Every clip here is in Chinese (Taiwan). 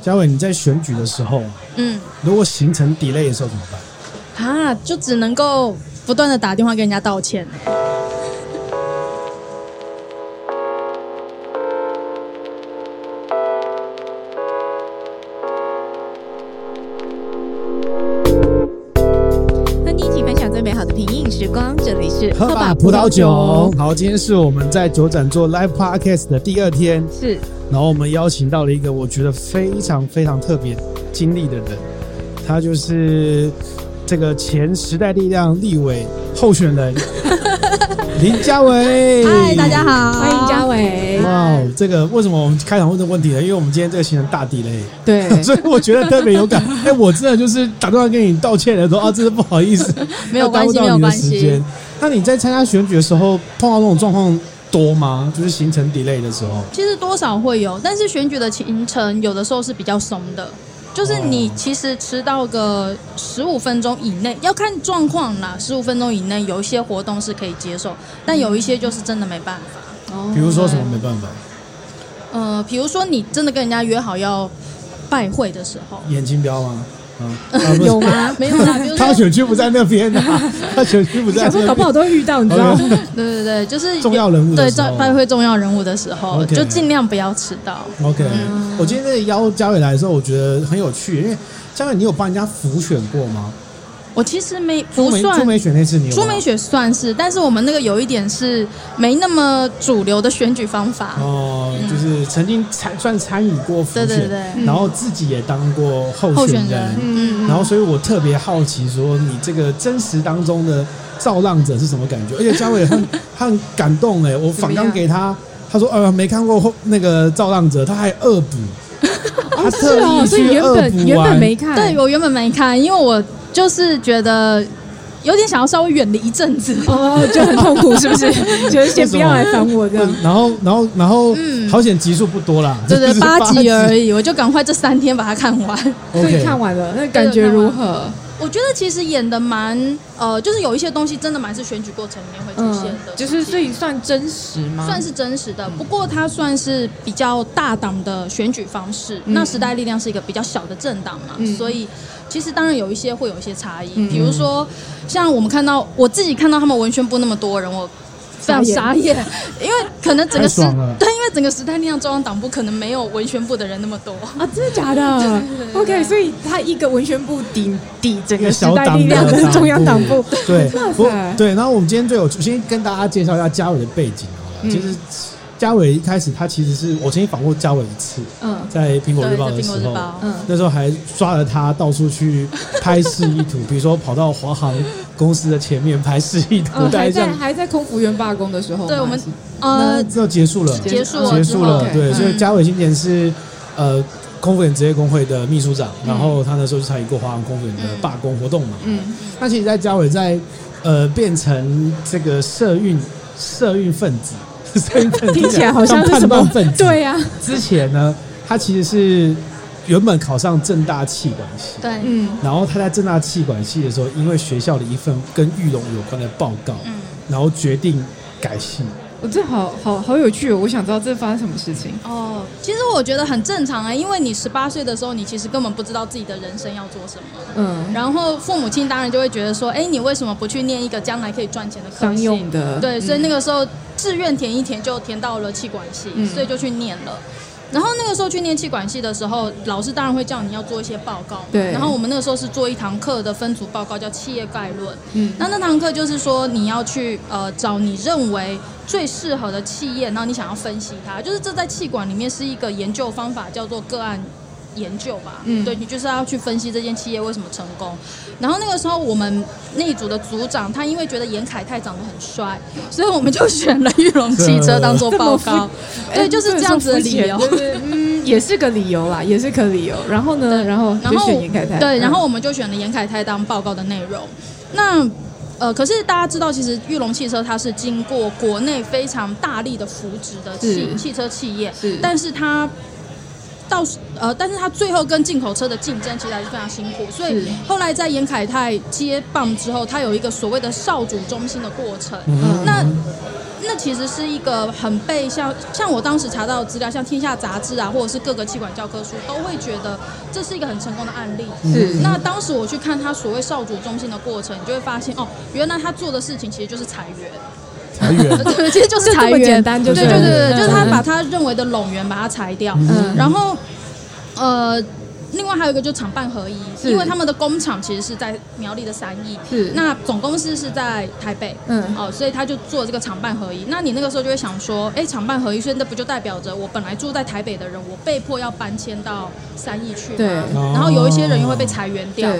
嘉偉，你在選舉的時候，嗯，如果行程 delay 的時候怎麼辦？啊，就只能夠不斷的打電話跟人家道歉。 和你一起分享最美好的品飲時光，這裡是喝吧葡萄酒。好，今天是我們在酒展做 live podcast 的第二天，是。然後我們邀請到了一個我覺得非常非常特別經歷的人，他就是這個前時代力量立委候選人 林佳瑋。嗨，大家好，歡迎佳瑋。哇、wow，這個為什麼我們開場問這個問題呢？因為我們今天這個行程大，delay 對。 所以我覺得特別有感。 哎，我真的就是打電話跟你道歉的時候啊，真的不好意思， 沒有耽誤到你的時間。那你在參加選舉的時候碰到這種狀況？多嗎？就是行程 delay 的時候，其實多少會有，但是選舉的行程有的時候是比較鬆的，就是你其實遲到個十五分鐘以內，要看狀況啦。十五分鐘以內有一些活動是可以接受，但有一些就是真的沒辦法。哦、嗯，oh, 比如說什麼沒辦法？呃，比如說你真的跟人家約好要拜會的時候，眼睛標嗎？啊、有嗎？沒有啦，就是、 他選區不在那邊的、啊， 他選區不在那。 想說搞不好都會遇到，你知道嗎？Okay，對對對，就是重要人物，對在發揮重要人物的時候，時候 okay，就儘量不要遲到。OK、嗯、我今天在邀佳瑋來的時候，我覺得很有趣，因為佳瑋，你有幫人家輔選過嗎？我其實沒不算，朱梅雪那次你有沒有？朱梅雪算是，但是我們那個有一點是沒那麼主流的選舉方法哦、嗯，就是曾經參算參與過輔選對對對、嗯，然後自己也當過候選、選人，嗯嗯、嗯然後所以我特別好奇說你這個真實當中的造浪者是什麼感覺？ 而且佳瑋很他很感動哎，我反剛給他，他說呃沒看過後那個造浪者，他還惡補、 哦，他特意去、是、哦、所以原本原本沒看，對我原本沒看，因為我。就是覺得有點想要稍微遠離一陣子，哦，就很痛苦，是不是？ 覺得先不要來煩我這樣 然後，然後，然後，嗯、好險集數不多啦，對對、對，八、就是、集而已，我就趕快這三天把它看完，OK，所以看完了，那感覺慢慢如何？我覺得其實演的蠻，呃，就是有一些東西真的蠻是選舉過程裡面會出現的、嗯。就是這也算真實嗎？算是真實的，不過它算是比較大黨的選舉方式。嗯、那時代力量是一個比較小的政黨嘛、嗯，所以其實當然有一些會有一些差異。嗯、比如說，像我們看到我自己看到他們文宣部那麼多人，我。傻眼， 因為可能整個時對，因為整個時代力量中央黨部可能沒有文宣部的人那麼多啊，真的假的對對對對？OK，所以他一個文宣部抵抵整個時代力量的中央黨部。哇對，對，對，對，然後我們今天最有，我先跟大家介紹一下佳瑋的背景好了、嗯。其實佳瑋一開始他其實是我曾經訪過佳瑋一次，嗯、在蘋果日報的時候，嗯、那時候還抓了他到處去拍示意圖， 比如說跑到華航。公司的前面拍示意圖，呃，還在還在空服員罷工的時候，對，我們呃，要結束了，結束了，結束了，結束了，okay, 對，嗯。所以，佳瑋今年是呃，空服員職業工會的秘書長，嗯，然後他那時候就參與過華航空服員的罷工活動嘛。嗯，嗯那其實在在，在佳瑋在呃，變成這個社運社運分子，聽起來好像是什麼分子？對呀，啊。之前呢，他其實是。原本考上政大企管系，對，嗯，然後他在政大企管系的時候，因為學校的一份跟工運有關的報告，嗯，然後決定改系。我、哦、這好好好有趣、哦，我想知道這發生什麼事情。哦，其實我覺得很正常啊，因為你十八歲的時候，你其實根本不知道自己的人生要做什麼，嗯，然後父母親當然就會覺得說，哎，你為什麼不去念一個將來可以賺錢的科系？商用的，對、嗯，所以那個時候志願填一填就填到了企管系、嗯，所以就去念了。然後那個時候去念企管系的時候，老師當然會叫你要做一些報告。對。然後我們那個時候是做一堂課的分組報告，叫企業概論。嗯。那那堂課就是說你要去呃找你認為最適合的企業，然後你想要分析它，就是這在企管裡面是一個研究方法，叫做個案。研究嘛，嗯，對，你就是要去分析這件企業為什麼成功。然後那個時候我們那一組的組長，他因為覺得嚴凱泰長得很帥，所以我們就選了裕隆汽車當做報告，對，就是這樣子的理由，嗯，也是個理由啦，也是個理由。然後呢，然後，然後就選嚴凱泰，對，然後我們就選了嚴凱泰當，啊，凱泰當報告的內容。那呃，可是大家知道，其實裕隆汽車它是經過國內非常大力的扶植的汽汽車企業，嗯，但是它到呃，但是他最後跟進口車的競爭其實還是非常辛苦，所以後來在嚴凱泰接棒之後，他有一個所謂的少主中心的過程，嗯、那那其實是一個很被像像我當時查到的資料，像天下雜誌啊，或者是各個企管教科書都會覺得這是一個很成功的案例。那當時我去看他所謂少主中心的過程，你就會發現哦，原來他做的事情其實就是裁員。 其實就是裁， 這麼簡單，就是對對對，對，對、嗯、就是他把他認為的冗員，把它裁掉嗯，嗯，然後，呃，另外還有一個就是廠辦合一是，因為他們的工廠其實是在苗栗的三義，那總公司是在台北，嗯，哦，所以他就做這個廠辦合一。那你那個時候就會想說，哎、欸，廠辦合一，所以那不就代表着我本來住在台北的人，我被迫要搬遷到三義去嗎？對，然後有一些人又會被裁員掉。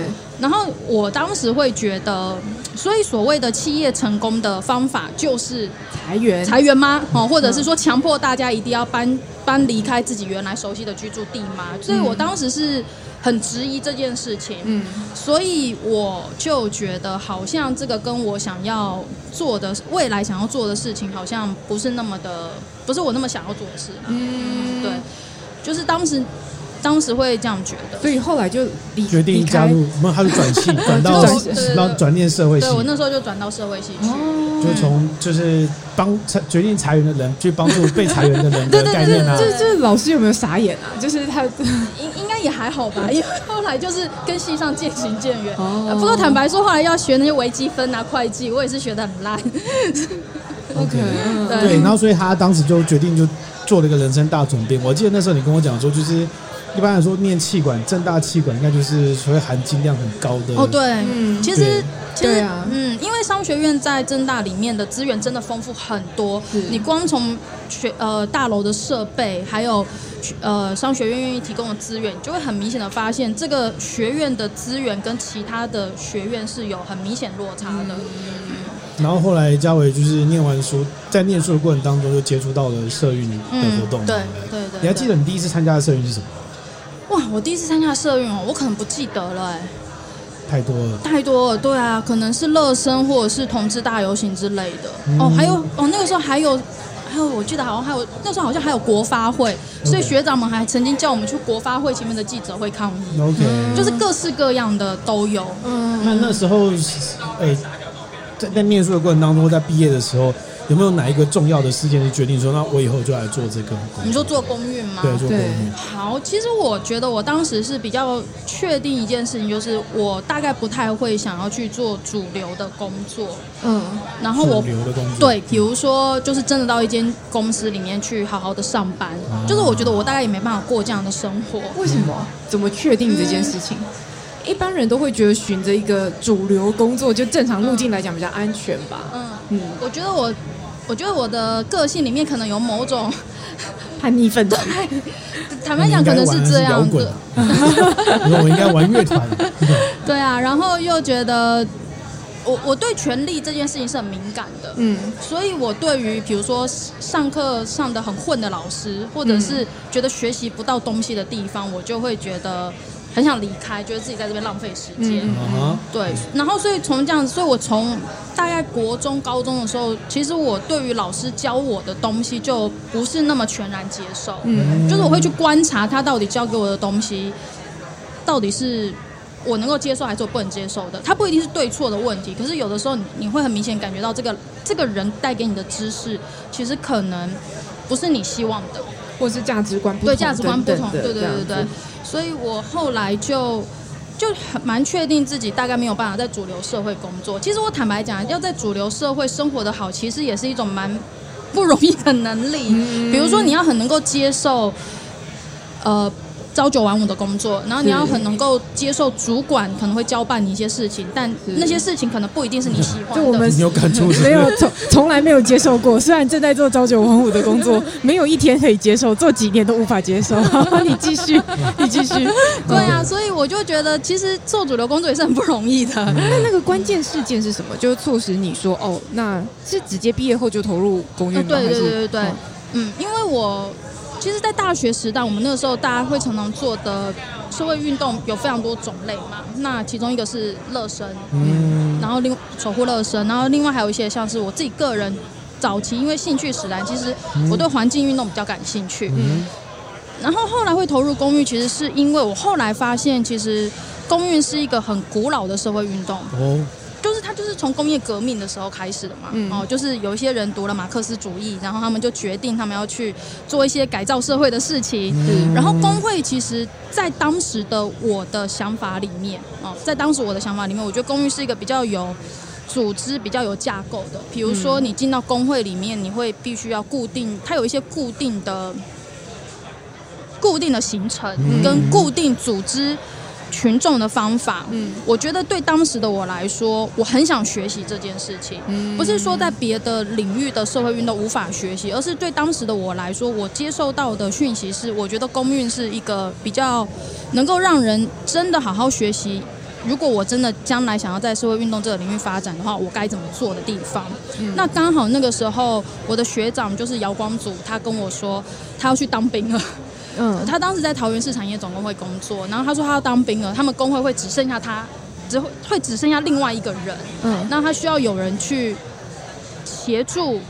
然後我當時會覺得，所以所謂的企業成功的方法就是裁員。裁員嗎？哦、嗯，或者是說強迫大家一定要搬搬離開自己原來熟悉的居住地嗎？所以我當時是很質疑這件事情。嗯，所以我就覺得好像這個跟我想要做的未來想要做的事情好像不是那麼的，不是我那麼想要做的事、啊嗯。嗯，對，就是當時。當時會這樣覺得，所以後來就決定加入，加入，沒有，他就轉系，轉到轉轉念社會系對，對，對，對我那時候就轉到社會系，哦，就從就是幫決定裁員的人去幫助被裁員的人的概念啊。就是老師有沒有傻眼啊？就是他應應該也還好吧，因為後來就是跟系上漸行漸遠，哦。不過坦白說，後來要學那些微積分啊、會計，我也是學的很爛。OK，對，對，對，對。然後所以他當時就決定就做了一個人生大總編。我記得那時候你跟我講說，就是。一般來說，念企管，政大企管應該就是所謂含金量很高的哦。對，嗯，其實，其實、啊，嗯，因為商學院在政大裡面的資源真的豐富很多。嗯、你光從學呃大樓的設備，還有呃商學院願意提供的資源，就會很明顯的發現這個學院的資源跟其他的學院是有很明顯落差的、嗯嗯。然後後來佳瑋，就是念完書，在念書的過程當中就接觸到了社運的活動。嗯、對對對。你還記得你第一次參加的社運是什麼？哇，我第一次參加社運哦，我可能不記得了，欸，哎，太多了，太多了，對啊，可能是樂生或者是同志大遊行之類的，嗯，哦，還有哦，那個時候還有，還有，我記得好像還有，那個時候好像還有國發會，okay. 所以學長們還曾經叫我們去國發會前面的記者會抗議，OK，嗯，就是各式各樣的都有，嗯，那那時候，哎，欸，在在念書的過程當中，在畢業的時候。有沒有哪一個重要的事件是決定說，那我以後就來做這個？你說做工運嗎？對，做工運。好，其實我覺得我當時是比較確定一件事情，就是我大概不太會想要去做主流的工作。嗯，然後我對，比如說就是真的到一間公司裡面去好好的上班，嗯，就是我覺得我大概也沒辦法過這樣的生活。為什麼？嗯，怎麼確定這件事情？一般人都會覺得選擇一個主流工作，就正常路徑來講比較安全吧。嗯嗯，我覺得我。我覺得我的個性裡面可能有某種，叛逆分子。對，坦白講，可能是這樣子、啊。 我應該玩樂團。 對啊，然後又覺得我，我我對權力這件事情是很敏感的。嗯，所以我對於比如說上課上的很混的老師，或者是覺得學習不到東西的地方，我就會覺得。很想離開，覺得自己在這邊浪費時間。嗯，對。然後，所以從這樣子，所以我從大概國中、高中的時候，其實我對於老師教我的東西就不是那麼全然接受。嗯，就是我會去觀察他到底教給我的東西，到底是我能夠接受還是我不能接受的。他不一定是對錯的問題，可是有的時候你你會很明顯感覺到這個這個人帶給你的知識，其實可能不是你希望的。或者是價值觀不同，對價值觀不同，對對對對對，對，所以我後來就就很蠻確定自己大概沒有辦法在主流社會工作。其實我坦白講，要在主流社會生活得好，其實也是一種蠻不容易的能力。嗯、比如說，你要很能夠接受，呃。朝九晚五的工作，然後你要很能夠接受主管可能會交辦你一些事情，但那些事情可能不一定是你喜歡的。你有感觸沒有？從從來沒有接受過，雖然正在做朝九晚五的工作，沒有一天可以接受，做幾年都無法接受。 你繼續，嗯、你繼續。對啊、嗯，所以我就覺得其實做主流工作也是很不容易的。嗯、那那個關鍵事件是什麼？就是促使你說哦，那是直接畢業後就投入工運嗎？對對對對對、嗯，嗯，因為我。其實，在大學時代，我們那個時候大家會常常做的社會運動有非常多種類嘛。那其中一個是樂生，嗯，嗯，然後另守護樂生，然後另外還有一些像是我自己個人早期因為興趣使然，其實我對環境運動比較感興趣，嗯，嗯，然後後來會投入工運。其實是因為我後來發現，其實工運是一個很古老的社會運動，哦就是他就是從工業革命的時候開始的嘛、嗯，哦，就是有一些人讀了馬克思主義，然後他們就決定他們要去做一些改造社會的事情。嗯、然後工會其實，在當時的我的想法裡面，哦，在當時我的想法裡面，我覺得工會是一個比較有組織、比較有架構的。比如說你進到工會裡面，你會必須要固定，它有一些固定的、固定的行程、嗯、跟固定組織。群眾的方法，嗯，我覺得對當時的我來說，我很想學習這件事情，嗯，不是說在別的領域的社會運動無法學習，而是對當時的我來說，我接受到的訊息是，我覺得工運是一個比較能夠讓人真的好好學習。如果我真的將來想要在社會運動這個領域發展的話，我該怎麼做的地方？嗯、那剛好那個時候，我的學長就是姚光祖，他跟我說，他要去當兵了。嗯，他當時在桃園市產業總工會工作，然後他說他要當兵了，他們工會會只剩下他，只會會只剩下另外一個人，嗯，那他需要有人去協助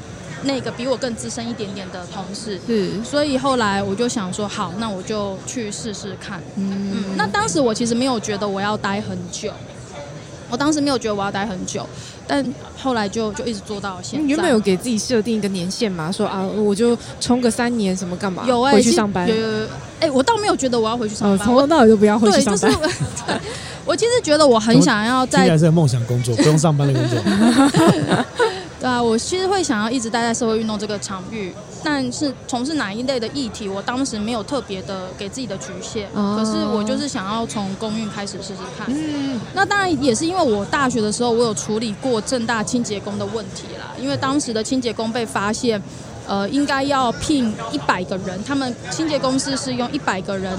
那個比我更資深一點點的同事，是，所以後來我就想說，好，那我就去試試看，嗯，嗯，那當時我其實沒有覺得我要待很久，我當時沒有覺得我要待很久。但後來就就一直做到現在。你原本有給自己設定一個年限嘛？說啊，我就衝個三年什麼幹嘛？有哎、欸，回去上班。哎、欸，我倒沒有覺得我要回去上班。從頭到尾就不要回去上班。我，對 我其實覺得我很想要在，現在。應該是夢想工作，不用上班的工作。 對啊，我其實會想要一直待在社會運動這個場域，但是從事哪一類的議題，我當時沒有特別的給自己的局限，哦、可是我就是想要從工運開始試試看。嗯，那當然也是因為我大學的時候，我有處理過政大清潔工的問題啦，因為當時的清潔工被發現，呃，應該要聘一百個人，他們清潔公司是用一百個人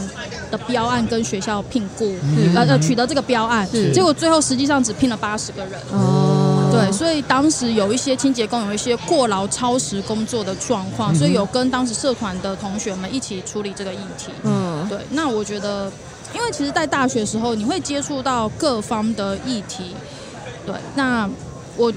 的標案跟學校聘雇，呃、嗯、呃、嗯啊，取得這個標案，結果最後實際上只聘了八十個人。哦。對，所以當時有一些清潔工有一些過勞超時工作的狀況，嗯，所以有跟當時社團的同學們一起處理這個議題。嗯，對。那我覺得，因為其實，在大學時候你會接觸到各方的議題。對，那我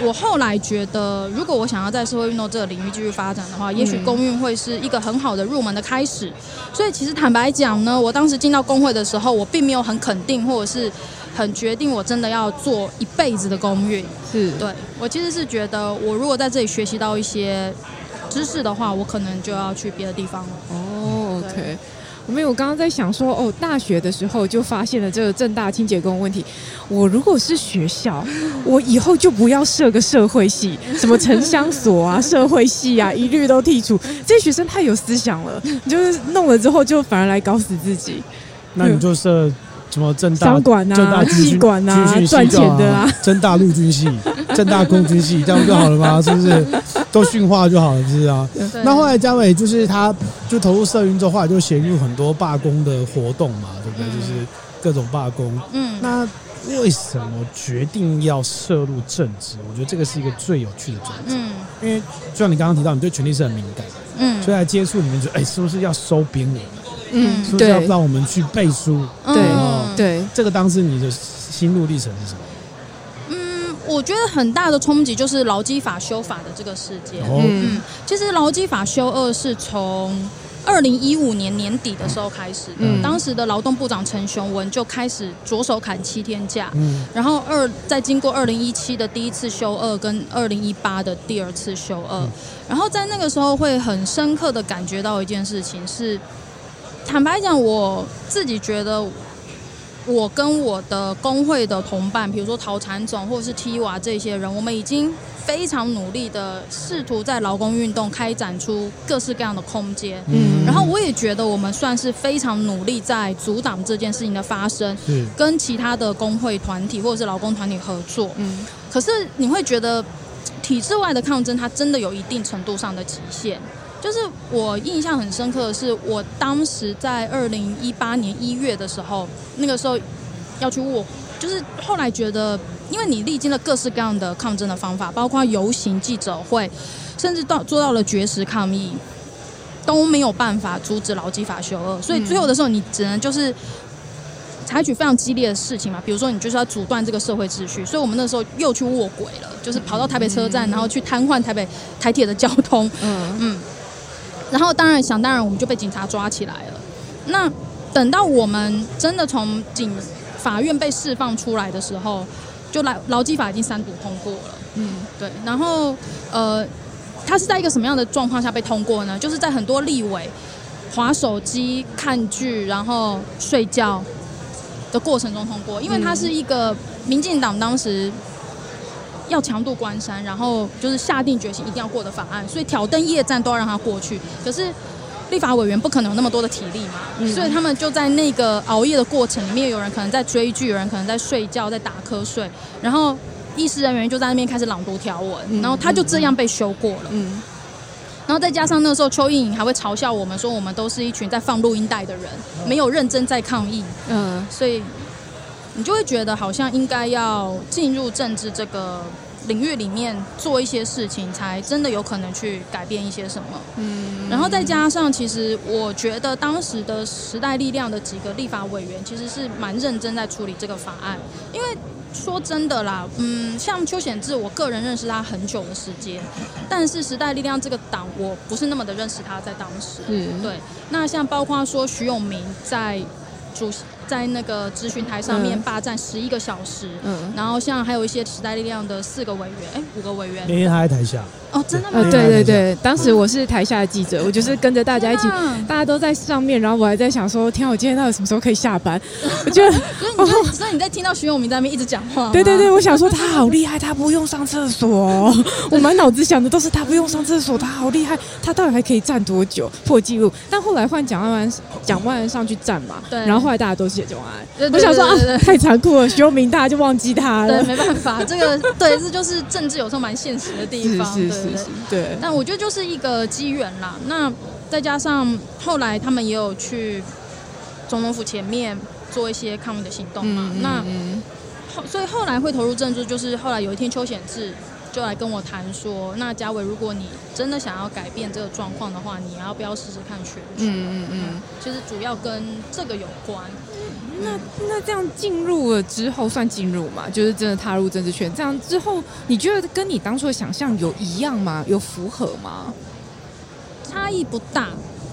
我後來覺得，如果我想要在社會運動這個領域繼續發展的話，嗯，也許工運會是一個很好的入門的開始。所以，其實坦白講呢，我當時進到工會的時候，我並沒有很肯定，或者是。很決定，我真的要做一輩子的工運。是，對我其實是覺得，我如果在這裡學習到一些知識的話，我可能就要去別的地方了。哦、oh,，OK，我沒有。我剛剛在想說，哦，大學的時候就發現了這個政大清潔工問題。我如果是學校，我以後就不要設個社會系，什麼城鄉所啊、 社會系啊，一律都剔除。這些學生太有思想了，就是弄了之後就反而來搞死自己。那你就設。嗯什麼政大、政大管啊、軍軍訓賺錢的啊，政大陸軍系、政 大空軍系，這樣不就好了嗎？是不是？都馴化就好了，是，不是啊。那後來佳瑋就是他就投入社運之後，後來就陷入很多罷工的活動嘛，對不對？嗯、就是各種罷工。嗯，那為什麼決定要涉入政治？我覺得這個是一個最有趣的轉折、嗯。因為就像你剛剛提到，你對權力是很敏感的。嗯，所以在接觸你們就哎、欸，是不是要收編我？嗯，對是，是要讓我們去背書。對對，這個當時你的心路歷程是什麼？嗯，我覺得很大的衝擊就是勞基法修法的這個事件。嗯，嗯其實勞基法修二是從二零一五年年底的時候開始的，嗯、當時的勞動部長陳雄文就開始着手砍七天假。嗯，然後二再經過二零一七的第一次修二跟二零一八的第二次修二，嗯，然後在那個時候會很深刻的感覺到一件事情是。坦白講，我自己覺得，我跟我的工會的同伴，比如說桃產總，或者是 TIWA 這些人，我們已經非常努力地試圖在勞工運動開展出各式各樣的空間。嗯，然後我也覺得我們算是非常努力在阻擋這件事情的發生，跟其他的工會團體或者是勞工團體合作。嗯，可是你會覺得體制外的抗爭，它真的有一定程度上的極限。就是我印象很深刻的是，我當時在二零一八年一月的時候，那個時候要去臥，就是後來覺得，因為你歷經了各式各樣的抗爭的方法，包括遊行、記者會，甚至到做到了絕食抗議，都沒有辦法阻止勞基法修惡，所以最後的時候你只能就是採取非常激烈的事情嘛，比如說你就是要阻斷這個社會秩序，所以我們那時候又去臥軌了，就是跑到台北車站，嗯、然後去癱瘓台北台鐵的交通，嗯嗯。然後當然想當然，我們就被警察抓起來了。那等到我們真的從警法院被釋放出來的時候，就來勞基法已經三讀通過了。嗯，對。然後呃，他是在一個什麼樣的狀況下被通過呢？就是在很多立委滑手機、看劇、然後睡覺的過程中通過，因為他是一個民進黨當時。要強渡關山，然後就是下定決心一定要過的法案，所以挑燈夜戰都要讓他過去。可是立法委員不可能有那麼多的體力嘛，嗯、所以他們就在那個熬夜的過程裡面，有人可能在追劇，有人可能在睡覺、在打瞌睡。然後議事人員就在那邊開始朗讀條文、嗯，然後他就這樣被修過了。嗯。嗯嗯然後再加上那個時候邱議瑩還會嘲笑我們說，我們都是一群在放錄音帶的人，沒有認真在抗議。嗯，嗯所以。你就會覺得好像應該要進入政治這個領域裡面做一些事情，才真的有可能去改變一些什麼。嗯，然後再加上，其實我覺得當時的時代力量的幾個立法委員其實是蠻認真在處理這個法案。因為說真的啦，嗯，像邱顯智我個人認識他很久的時間，但是時代力量這個黨我不是那麼的認識他在當時。嗯，對。那像包括說徐永明在主席，在那個諮詢台上面霸占十一個小時，嗯，然後像還有一些時代力量的四個委員，哎、欸，五個委員，那天還在台下，哦，真的嗎？對對對，當時我是台下的記者，嗯、我就是跟着大家一起，大家都在上面，然後我還在想說，天、啊，我今天到底什麼時候可以下班？ 我覺得，然後你在、哦、你在聽到徐永明在那邊一直講話，對對對，我想說他好厲害，他不用上廁所， 我滿腦子想的都是他不用上廁所，他好厲害，他到底還可以站多久破紀錄？但後來換蔣萬安蔣萬安上去站嘛，對，然後後來大家都是。解完，對對對對對對，我想說、啊、太殘酷了，休明他就忘記他了，對，沒辦法，這個對， 這就是政治有時候蠻現實的地方，是，是，是，是，是對。但我覺得就是一個機緣啦。那再加上後來他們也有去總統府前面做一些抗議的行動嘛，嗯嗯嗯那後所以後來會投入政治，就是後來有一天邱顯智就來跟我談說，那佳瑋，如果你真的想要改變這個狀況的話，你要不要試試看選舉？嗯嗯，嗯，嗯，其實主要跟這個有關。那那這樣進入了之後算進入嘛？就是真的踏入政治圈，這樣之後，你覺得跟你當初的想象有一樣嗎？有符合嗎？差異不大，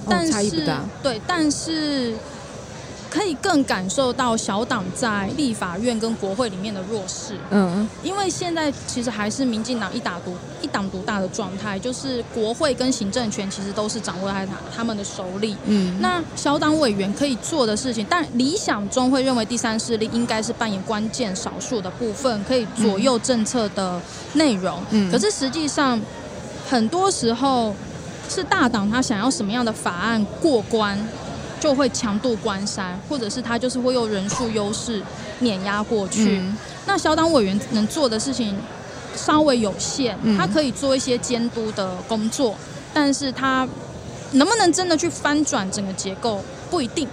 但是，哦，差異不大，對，但是。可以更感受到小黨在立法院跟國會裡面的弱勢。嗯，因為現在其實還是民進黨一打獨一黨獨大的狀態，就是國會跟行政權其實都是掌握在他他們的手裡。嗯，那小黨委員可以做的事情，但理想中會認為第三勢力應該是扮演關鍵少數的部分，可以左右政策的內容。可是實際上很多時候是大黨他想要什麼樣的法案過關，就會強渡關山，或者是他就是會用人數優勢碾壓過去。嗯、那小黨委員能做的事情稍微有限，嗯、他可以做一些監督的工作，但是他能不能真的去翻轉整個結構不一定。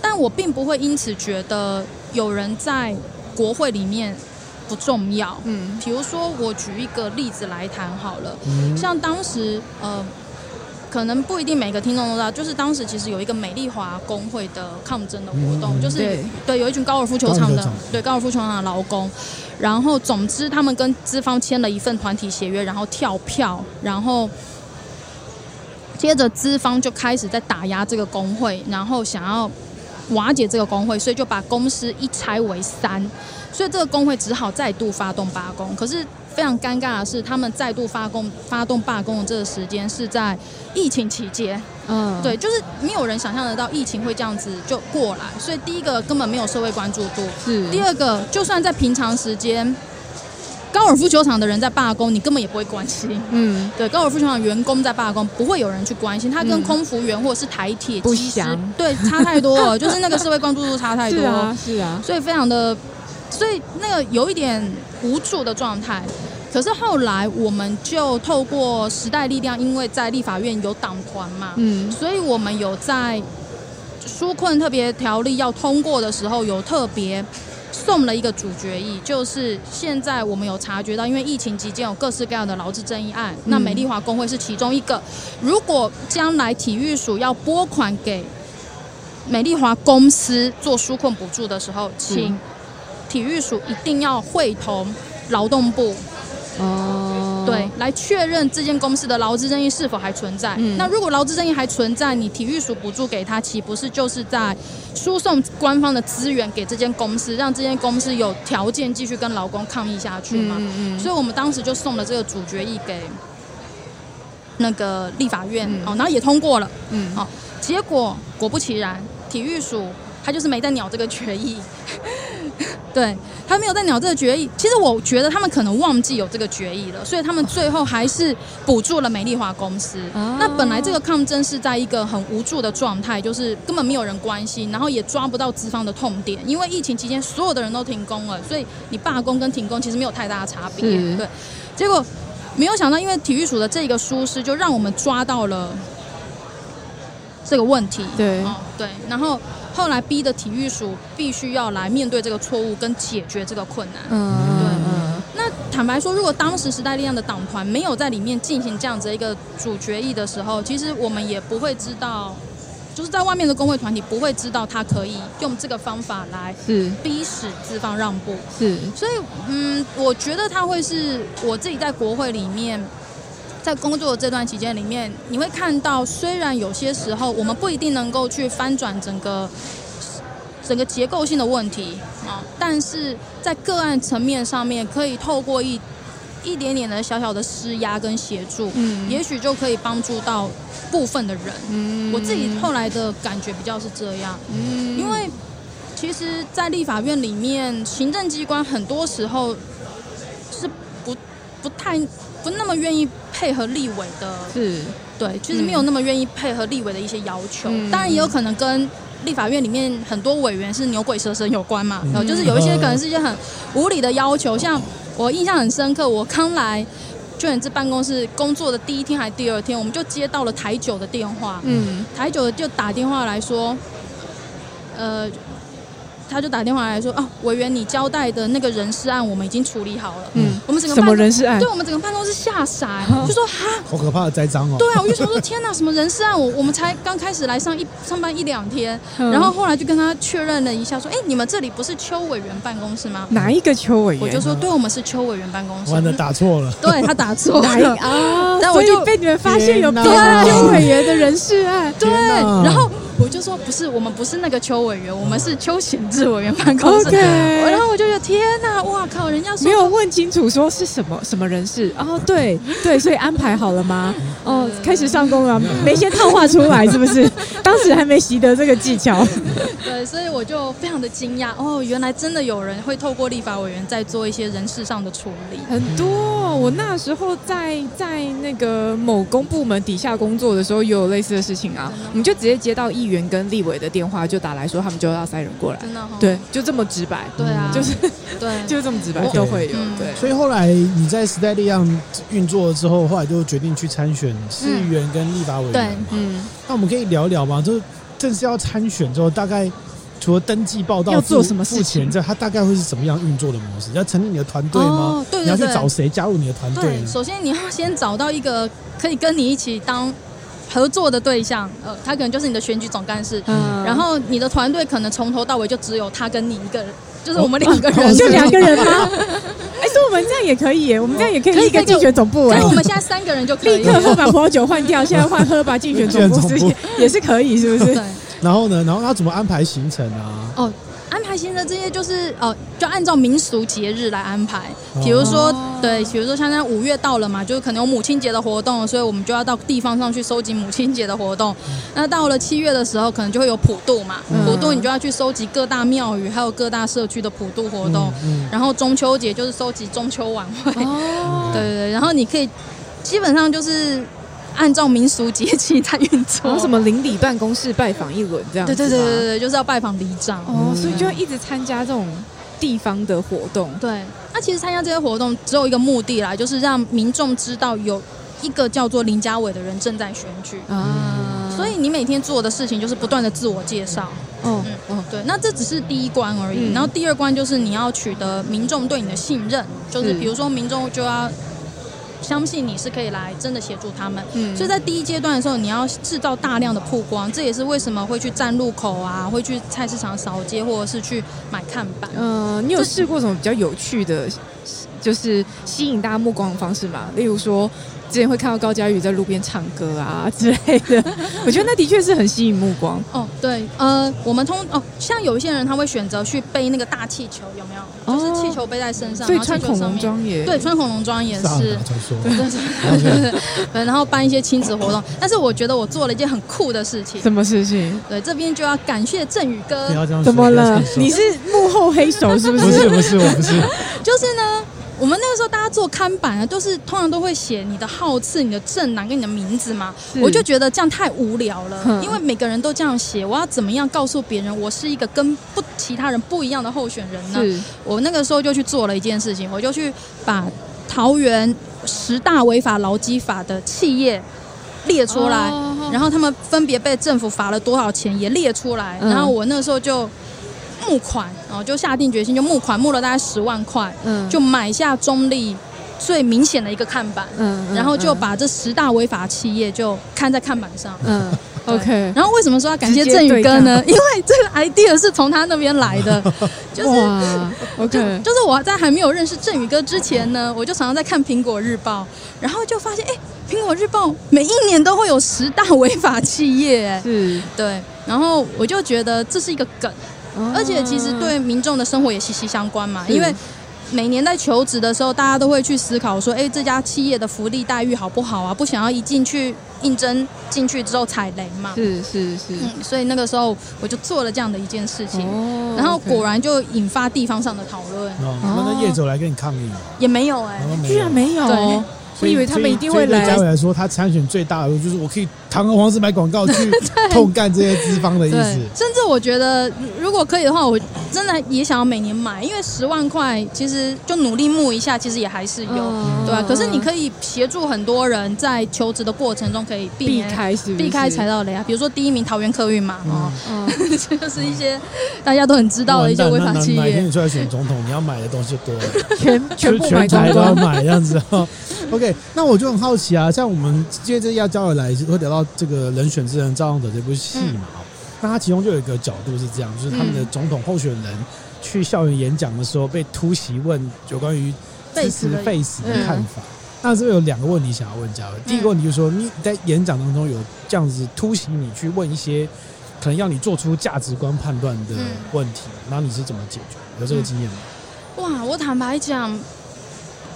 但我並不會因此覺得有人在國會裡面不重要。嗯，比如說我舉一個例子來談好了，嗯、像當時呃。可能不一定每一個聽眾都知道，就是當時其實有一個美麗華工會的抗爭的活動，嗯嗯，就是對，對，有一群高爾夫球場的對高爾夫球場的勞工，然後總之他們跟資方簽了一份團體協約，然後跳票，然後接着資方就開始在打壓這個工會，然後想要瓦解這個工會，所以就把公司一拆為三，所以這個工會只好再度發動罷工，可是，非常尷尬的是，他們再度發工發動罷工的這個時間是在疫情期間。嗯，對，就是沒有人想象得到疫情會這樣子就過來，所以第一個根本沒有社會關注度。是。第二個，就算在平常時間，高爾夫球場的人在罷工，你根本也不會關心。嗯，對，高爾夫球場員工在罷工，不會有人去關心。他跟空服員或者是台鐵機師、嗯，不像。對，差太多 就是那個社會關注度差太多。是啊，是啊。所以非常的。所以那個有一點無助的狀態，可是後來我們就透過時代力量，因為在立法院有黨團嘛，嗯，所以我們有在紓困特別條例要通過的時候，有特別送了一個主決議，就是現在我們有察覺到，因為疫情期間有各式各樣的勞資爭議案，嗯、那美麗華工會是其中一個。如果將來體育署要撥款給美麗華公司做紓困補助的時候，請。嗯體育署一定要會同勞動部，哦、oh.，對，來確認這間公司的勞資爭議是否還存在，嗯。那如果勞資爭議還存在，你體育署補助給他，豈不是就是在輸送官方的資源給這間公司，讓這間公司有條件繼續跟勞工抗議下去嗎？嗯嗯、所以我們當時就送了這個主決議給那個立法院，嗯、哦，然後也通過了。嗯，哦，結果果不其然，體育署他就是沒在鳥這個決議。 對，他沒有在鳥這個決議，其實我覺得他們可能忘記有這個決議了，所以他們最後還是補助了美麗華公司、哦。那本來這個抗爭是在一個很無助的狀態，就是根本沒有人關心，然後也抓不到資方的痛點，因為疫情期間所有的人都停工了，所以你罷工跟停工其實沒有太大的差別。對，結果沒有想到，因為體育署的這個疏失，就讓我們抓到了這個問題。對，哦、對，然後。後來逼得體育署必須要來面對這個錯誤跟解決這個困難。嗯，對。嗯，那坦白說，如果當時時代力量的黨團沒有在裡面進行這樣子一個主決議的時候，其實我們也不會知道，就是在外面的工會團體不會知道他可以用這個方法來是逼使資方讓步。是，所以嗯，我覺得他會是我自己在國會裡面。在工作的這段期間裡面，你會看到，雖然有些時候我們不一定能夠去翻轉整個整個結構性的問題啊，但是在個案層面上面，可以透過一一點點的小小的施壓跟協助，嗯，也許就可以幫助到部分的人。嗯，我自己後來的感覺比較是這樣，嗯，因為其實，在立法院裡面，行政機關很多時候是不不太不那麼願意。配合立委的，是，對，其實沒有那麼願意配合立委的一些要求。當、嗯、然也有可能跟立法院裡面很多委員是牛鬼蛇神有關嘛，然、嗯、後就是有一些可能是一些很無理的要求。像我印象很深刻，我剛來眷這辦公室工作的第一天還是第二天，我們就接到了台酒的電話，嗯，台酒就打電話來說，呃。他就打電話來說啊，委員，你交代的那個人事案，我們已經處理好了。嗯，我們整個辦公室對，我們整個辦公室嚇傻、欸啊，就說哈，好可怕的栽贓哦。對啊，我就想說天哪，什麼人事案？我我們才剛開始來上一上班一兩天、嗯，然後後來就跟他確認了一下說，說、欸、哎，你們這裡不是邱委員辦公室嗎？哪一個邱委員？我就說，對，我們是邱委員辦公室。完了，打錯了，嗯、對他打錯了 啊！我就被你們發現有沒有對邱委員的人事案，對、啊，然後。就說不是，我們不是那個邱委員，我們是邱顯智委員辦公室對。Okay. 然後我就覺得天哪、啊，哇靠！人家沒有問清楚說是什麼什麼人事啊、哦？對對，所以安排好了嗎？ 哦，開始上工了， 沒先套話出來是不是？ 當時還沒習得這個技巧。對，所以我就非常的驚訝哦，原來真的有人會透過立法委員在做一些人事上的處理。很多，我那時候在在那個某公部門底下工作的時候，也有,有類似的事情啊。我們就直接接到議員。跟立委的電話就打來說，他們就要塞人過來，對，就這麼直白，對、嗯、啊，就是，對 就這麼直白，okay, 都會有、嗯。對，所以後來你在時代力量運作了之後，後來就決定去參選市議員跟立法委員、嗯。對，嗯，那我們可以聊一聊嗎？就是正式要參選之後，大概除了登記報、報到，做什麼事情？付錢？後，他大概會是什麼樣運作的模式？要成立你的團隊嗎、哦對對對？你要去找誰加入你的團隊？首先你要先找到一個可以跟你一起當。合作的對象，呃，他可能就是你的選舉總幹事、嗯，然後你的團隊可能從頭到尾就只有他跟你一個人，就是我們兩個人，哦哦、就兩個人嗎？哎、 欸，說我們這樣也可以耶、哦，我們這樣也可以立個競選總部，所、這、以、個這個這個、我們現在三個人就可以立刻喝把葡萄酒換掉，現在換喝吧競選總部、哦，也是可以，是不是、哦對？然後呢？然後他怎麼安排行程啊？哦。開心的這些就是呃，就按照民俗節日來安排，比如說對，比如說像現在五月到了嘛，就是可能有母親節的活動，所以我們就要到地方上去收集母親節的活動。那到了七月的時候，可能就會有普渡嘛，普渡你就要去收集各大廟宇還有各大社區的普渡活動。然後中秋節就是收集中秋晚會，對對。然後你可以基本上就是。按照民俗節氣，它運作什麼鄰里辦公室拜訪一輪這樣子。對對對對，就是要拜訪里長哦、嗯，所以就要一直參加這種地方的活動。對，那其實參加這些活動只有一個目的啦，就是讓民眾知道有一個叫做林佳瑋的人正在選舉啊、嗯嗯。所以你每天做的事情就是不斷的自我介紹。哦、嗯、哦、嗯嗯，對，那這只是第一關而已。嗯、然後第二關就是你要取得民眾對你的信任，是就是比如說民眾就要相信你是可以來真的協助他們，嗯，所以在第一階段的時候，你要製造大量的曝光，這也是為什麼會去站路口啊，會去菜市場掃街，或者是去買看板。嗯、呃，你有試過什麼比較有趣的？就是吸引大家目光的方式嘛，例如說之前會看到高嘉瑜在路邊唱歌啊之類的，我覺得那的確是很吸引目光。哦，對，呃，我們通哦，像有一些人他會選擇去背那個大氣球，有沒有？就是氣球背在身上，哦、然後穿恐龍裝也對，穿恐龍裝也是。對，對， 對，然後辦一些親子活動咳咳，但是我覺得我做了一件很酷的事情。什麼事情？對，這邊就要感謝振宇哥。怎麼了你？你是幕後黑手是不是？ 不是，不是，我不是。就是呢。我們那個時候大家做看板啊，都是通常都會寫你的號次、你的政黨跟你的名字嘛。我就覺得這樣太無聊了，因為每個人都這樣寫，我要怎麼樣告訴別人我是一個跟不其他人不一樣的候選人呢？我那個時候就去做了一件事情，我就去把桃園十大違法勞基法的企業列出來，哦，然後他們分別被政府罰了多少錢也列出來，嗯、然後我那時候就。募款，然後就下定決心就募款，募了大概十萬塊，嗯，就買下中立最明顯的一個看板，嗯，嗯，然後就把這十大違法企業就看在看板上，嗯，OK。然後為什麼說要感謝振宇哥呢？因為這個 idea 是從他那邊來的，就是哇、okay，就,就是我在還沒有認識振宇哥之前呢，我就常常在看蘋果日報，然後就發現，哎，蘋果日報每一年都會有十大違法企業，是，對，然後我就覺得這是一個梗。而且其實對民眾的生活也息息相關嘛，因為每年在求職的時候，大家都會去思考說，哎、欸，這家企業的福利待遇好不好啊？不想要一進去應徵進去之後踩雷嘛。是是是、嗯。所以那個時候我就做了這樣的一件事情，oh, okay. 然後果然就引發地方上的討論。哦，們的業主來跟你抗議？也沒有哎、欸，居然沒有，沒有。對，對所以所以以為他們一定會來。所以對嘉偉來說，他參選最大的就是我可以。堂而皇之買廣告去痛幹這些資方的意思， 甚至我覺得如果可以的話，我真的也想要每年買，因為十萬塊其實就努力募一下，其實也還是有、嗯、對吧、啊？可是你可以協助很多人在求職的過程中可以避開避開踩到雷啊，比如說第一名桃園客運嘛，哦、嗯、這、嗯、 就是一些大家都很知道的一些違法企業。買選你出來選總統，你要買的東西就多了， 全全部買，全全台都要買 這樣子、喔、OK，那我就很好奇啊，像我們接着要交回來就會得到。這個人選之人造浪者這部戲嘛，哦、嗯，那他其中就有一個角度是這樣，就是他們的總統候選人去校園演講的時候被突襲問有關於廢死廢死的看法。那這邊有兩個問題想要問佳瑋，第一個問題就是說，你在演講當中有這樣子突襲你去問一些可能要你做出價值觀判斷的問題，那、嗯、你是怎麼解決？有這個經驗嗎？嗯、哇，我坦白講。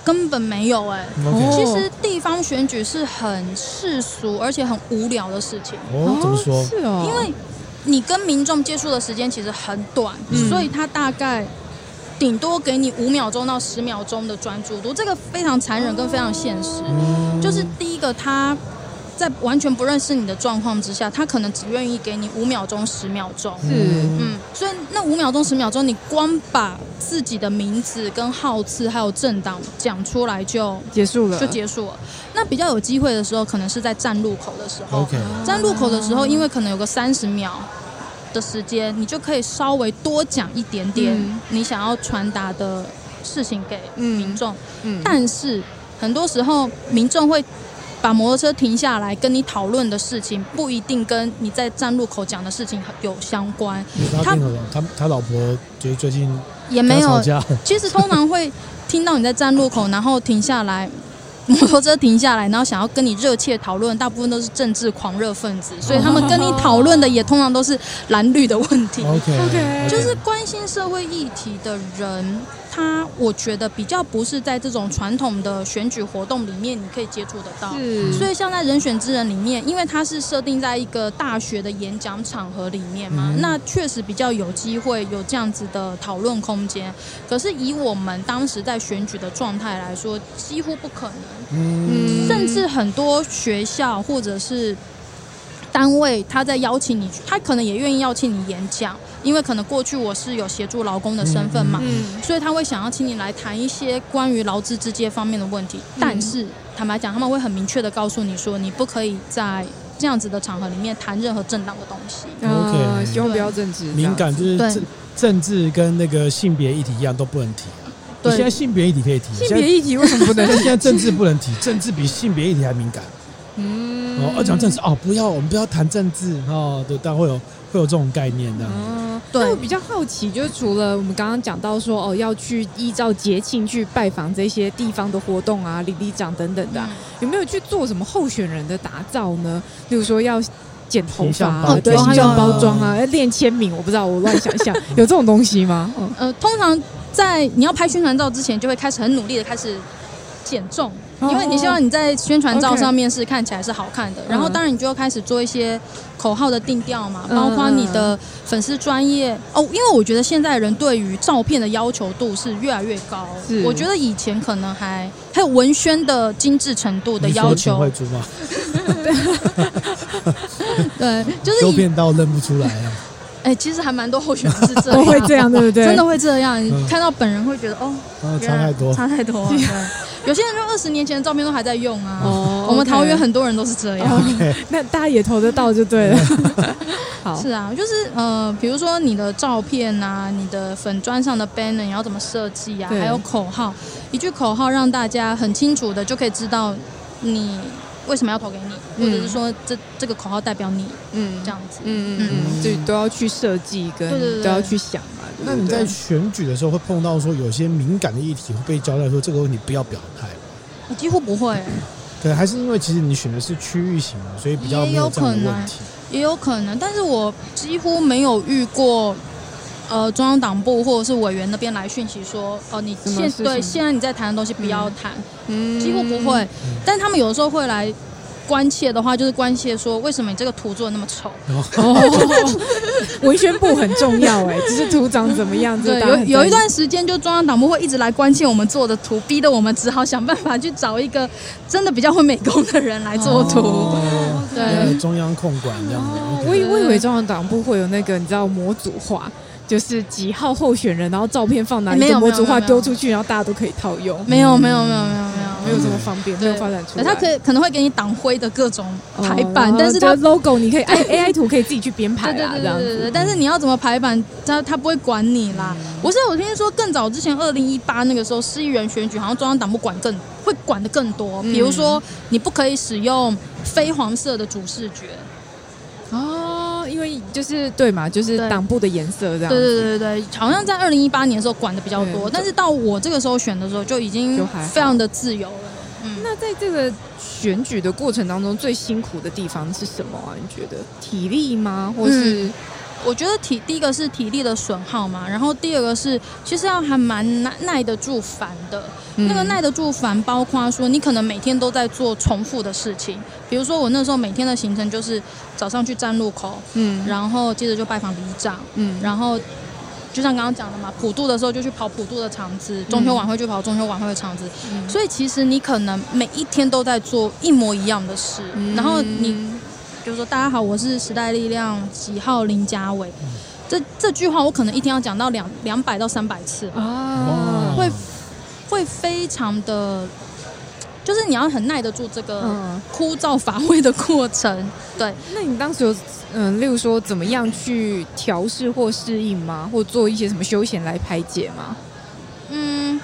根本沒有哎、欸，okay. 其實地方選舉是很世俗而且很無聊的事情。哦、oh,，怎麼說？是啊，因為你跟民眾接觸的時間其實很短，嗯，所以他大概頂多給你五秒鐘到十秒鐘的專注度，這個非常殘忍跟非常現實。Oh. 就是第一個他。在完全不認識你的狀況之下，他可能只願意給你五秒鐘、十秒鐘。是，嗯。所以那五秒鐘、十秒鐘，你光把自己的名字、跟號次還有政黨講出來就結束了，就結束了。那比較有機會的時候，可能是在站路口的時候。Okay. 哦、站路口的時候，因為可能有個三十秒的時間，你就可以稍微多講一點點你想要傳達的事情給民眾、嗯。嗯。但是很多時候，民眾會。把摩托車停下來，跟你討論的事情不一定跟你在站路口講的事情有相關。他他他老婆就是最近也沒有，其實通常會聽到你在站路口，然後停下來，摩托車停下來，然後想要跟你熱切討論，大部分都是政治狂熱分子，所以他們跟你討論的也通常都是藍綠的問題。OK，OK，就是關心社會議題的人。他我覺得比較不是在這種傳統的選舉活動裡面你可以接觸得到，所以像在《人選之人》裡面，因為他是設定在一個大學的演講場合裡面嘛，那確實比較有機會有這樣子的討論空間。可是以我們當時在選舉的狀態來說，幾乎不可能，嗯，甚至很多學校或者是單位，他在邀請你，他可能也願意邀請你演講，因為可能過去我是有協助勞工的身份嘛、嗯嗯，所以他會想要請你來談一些關於勞資之間方面的問題。嗯、但是坦白講，他們會很明確的告訴你說，你不可以在這樣子的場合裡面談任何政黨的東西。嗯、OK，、嗯、希望不要政治敏感，就是政政治跟那個性別議題一樣都不能提、啊。對，你現在性別議題可以提，性別議題為什麼不能提？ 現在，現在政治不能提，政治比性別議題還敏感。嗯，哦，要講政治哦，不要，我們不要談政治哦，對，但會有。會有這種概念的，嗯，對。那我比較好奇，就是除了我們剛剛講到說哦，要去依照節慶去拜訪這些地方的活動啊，里里長等等的，啊嗯，有沒有去做什麼候選人的打造呢？比如說要剪頭髮、啊啊，對，還包裝啊，要練簽名，我不知道，我亂想象 有這種東西嗎，嗯？呃，通常在你要拍宣傳照之前，就會開始很努力的開始減重。因為你希望你在宣傳照上面是看起來是好看的，然後當然你就要開始做一些口號的定調嘛，包括你的粉絲專業哦、喔。因為我覺得現在人對於照片的要求度是越來越高，我覺得以前可能還還有文宣的精致程度的要求。會足嗎？ 對， 就是修片到認不出來哎，其實還蠻多候選人是這樣，會這樣，對不對？真的會這樣，看到本人會覺得哦、喔，差太多， 對笑喔、差太多。 有些人說二十年前的照片都還在用啊，oh, okay. 我們桃園很多人都是這樣。Okay. 那大家也投得到就對了。 好，是啊，就是呃，比如說你的照片啊，你的粉磚上的 banner 你要怎麼設計啊，還有口號，一句口號讓大家很清楚的就可以知道你為什麼要投給你，或者是說這、嗯、這個口號代表你，嗯，這樣子，嗯嗯嗯，都要去設計跟對對對，都要去想。那你在選舉的時候會碰到說有些敏感的議題，會被交代說這個問題不要表態。我幾乎不會。可能還是因為其實你選的是區域型的，所以比較有可能。的問題。也有可能，但是我幾乎沒有遇過，呃，中央黨部或者是委員那邊來訊息說，哦、呃，你現對現在你在談的東西不要談，嗯，幾乎不會、嗯。但他們有的時候會來。關切的話就是關切說，為什麼你這個圖做的那麼醜？哦， 文宣部很重要哎、欸，只、就是圖長怎麼樣？對，有有一段時間，就中央黨部會一直來關切我們做的圖，逼得我們只好想辦法去找一個真的比較會美工的人來做圖、哦對對對對。對，中央控管一樣的、哦 OK。我我以，以為中央黨部會有那個你知道模組化。就是幾號候選人，然後照片放哪裡，種模組化丟出去，然後大家都可以套用。沒有，沒有，沒有，沒有，沒、嗯、有，沒有這麼方便，沒有發展出來。呃、他可以可能會給你黨徽的各種排版，哦、但是它、這個、logo 你可以 AI 圖可以自己去編排啦，啦對對，對，這樣子對，對，對但是你要怎麼排版，嗯、他他不會管你啦。嗯、我是，我聽說更早之前，二零一八那個時候，市議員選舉好像中央黨不管更，更會管的更多，比如說、嗯、你不可以使用非黃色的主視覺。因為就是對嘛，就是黨部的顏色這樣。對對對對，好像在二零一八年的時候管得比較多。對對對對，但是到我這個時候選的時候就已經非常的自由了。嗯、那在這個選舉的過程當中，最辛苦的地方是什麼啊？你覺得體力嗎，或是、嗯？我覺得體第一個是體力的損耗嘛，然後第二個是其實要還蠻耐耐得住煩的、嗯。那個耐得住煩，包括說你可能每天都在做重複的事情。比如說我那時候每天的行程就是早上去站路口，嗯，然後接着就拜訪里長，嗯，然後就像剛剛講的嘛，普渡的時候就去跑普渡的場子，中秋晚會就跑中秋晚會的場子、嗯。所以其實你可能每一天都在做一模一樣的事，嗯、然後你。就是說，大家好，我是時代力量幾號林佳瑋。這這句話我可能一天要講到兩兩百到三百次啊、哦，會會非常的，就是你要很耐得住這個枯燥乏味的過程。嗯、 對，那你當時有嗯、呃，例如說怎麼樣去調適或適應嗎？或做一些什麼休閒來排解嗎？嗯，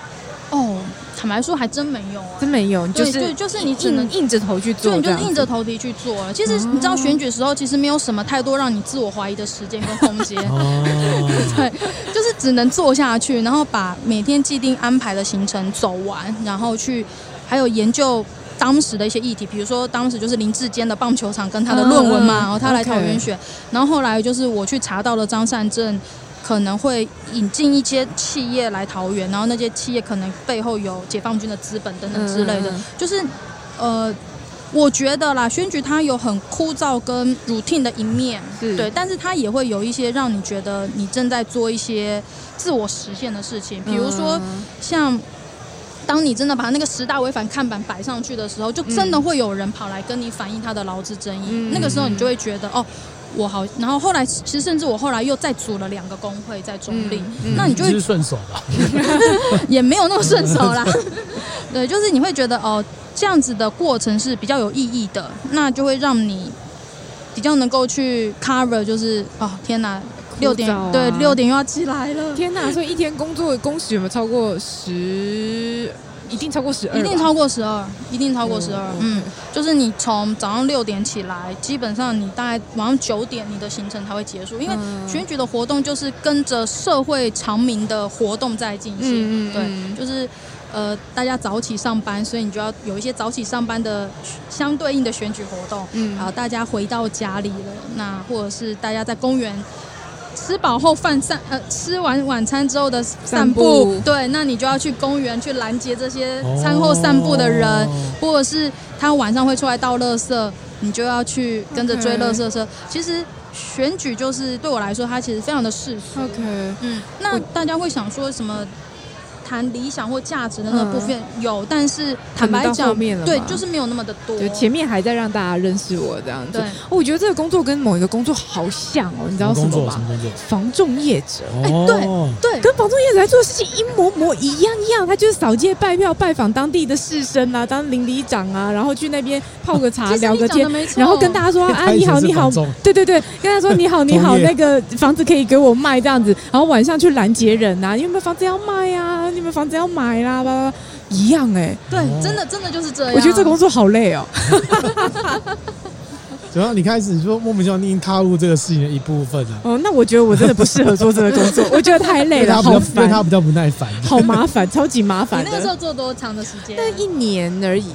哦。坦白說，還真沒用啊，真沒有。就是就是你只能硬着頭去做，對，你就是硬着頭皮去做了。其實你知道選舉時候，其實沒有什麼太多讓你自我懷疑的時間和空間，哦、 對，就是只能做下去，然後把每天既定安排的行程走完，然後去還有研究當時的一些議題，比如說當時就是林智堅的棒球場跟他的論文嘛、哦，然後他來桃園選、哦 okay，然後後來就是我去查到了張善政。可能會引進一些企業來桃園，然後那些企業可能背後有解放軍的資本等等之類的。嗯嗯、就是，呃，我覺得啦，選舉它有很枯燥跟 routine 的一面，對，但是它也會有一些讓你覺得你正在做一些自我實現的事情。比如說、嗯，像當你真的把那個十大違反看板擺上去的時候，就真的會有人跑來跟你反映他的勞資爭議。嗯、那個時候，你就會覺得哦。我好，然後後來其實甚至我後來又再組了兩個工會在中立、嗯嗯，那你就會是順手了， 也沒有那麼順手了。 對，就是你會覺得哦，這樣子的過程是比較有意義的，那就會讓你比較能夠去 cover，就是哦天哪，六點、啊、對六點又要起來了，天哪！所以一天工作的工時有沒有超過十？一定超過十二，一定超過十二，一定超過十二。嗯，就是你從早上六點起來，基本上你大概晚上九點你的行程才會結束，因為選舉的活動就是跟着社會常民的活動在進行。嗯，嗯嗯對，就是，呃，大家早起上班，所以你就要有一些早起上班的相對應的選舉活動。嗯，好，呃，大家回到家裡了，那或者是大家在公園。吃飽後飯散呃，吃完晚餐之後的散步、散步，對，那你就要去公園去攔截這些餐後散步的人，oh. 或者是他晚上會出來倒垃圾，你就要去跟着追垃圾車。Okay. 其實選舉就是對我來說，他其實非常的世俗。OK，嗯，那大家會想說什麼？談理想或價值的那部分有、嗯，但是坦白講，對，就是沒有那麼的多。對，前面還在讓大家認識我這樣子。對、哦，我覺得這個工作跟某一個工作好像哦，你知道什麼嗎？什麼工作？什麼工作？房仲業者。哎、哦欸，對對，對，跟房仲業者來做的事情一模模一樣一樣，他就是掃街拜票、拜訪當地的士紳啊，當鄰里長啊，然後去那邊泡個茶、聊個天，然後跟大家說：“啊，你好，你好。你好”對對對，跟他說：“你好，你好。”那個房子可以給我賣這樣子，然後晚上去攔截人啊，你有沒有房子要賣啊？房子要買啦，一樣哎、欸。對，哦、真的真的就是這樣。我覺得這工作好累哦。 主要你開始你說莫名其妙，你已經踏入這個事情的一部分了。哦，那我覺得我真的不適合做這個工作， 我覺得太累了，好煩，因為他比較不耐煩。好麻煩，超級麻煩。你那個時候做多長的時間？那一年而已，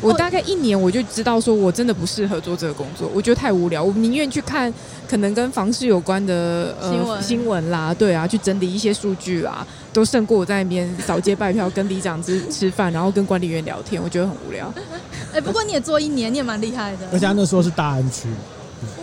我大概一年我就知道說我真的不適合做這個工作，我覺得太無聊，我寧願去看可能跟房市有關的、呃、新聞新聞啦，對啊，去整理一些數據啊。都勝過我在那邊掃街、早接拜票、跟里長吃吃飯，然後跟管理員聊天，我覺得很無聊。哎、欸，不過你也做一年，你也蠻厲害的。我想那時候是大安區，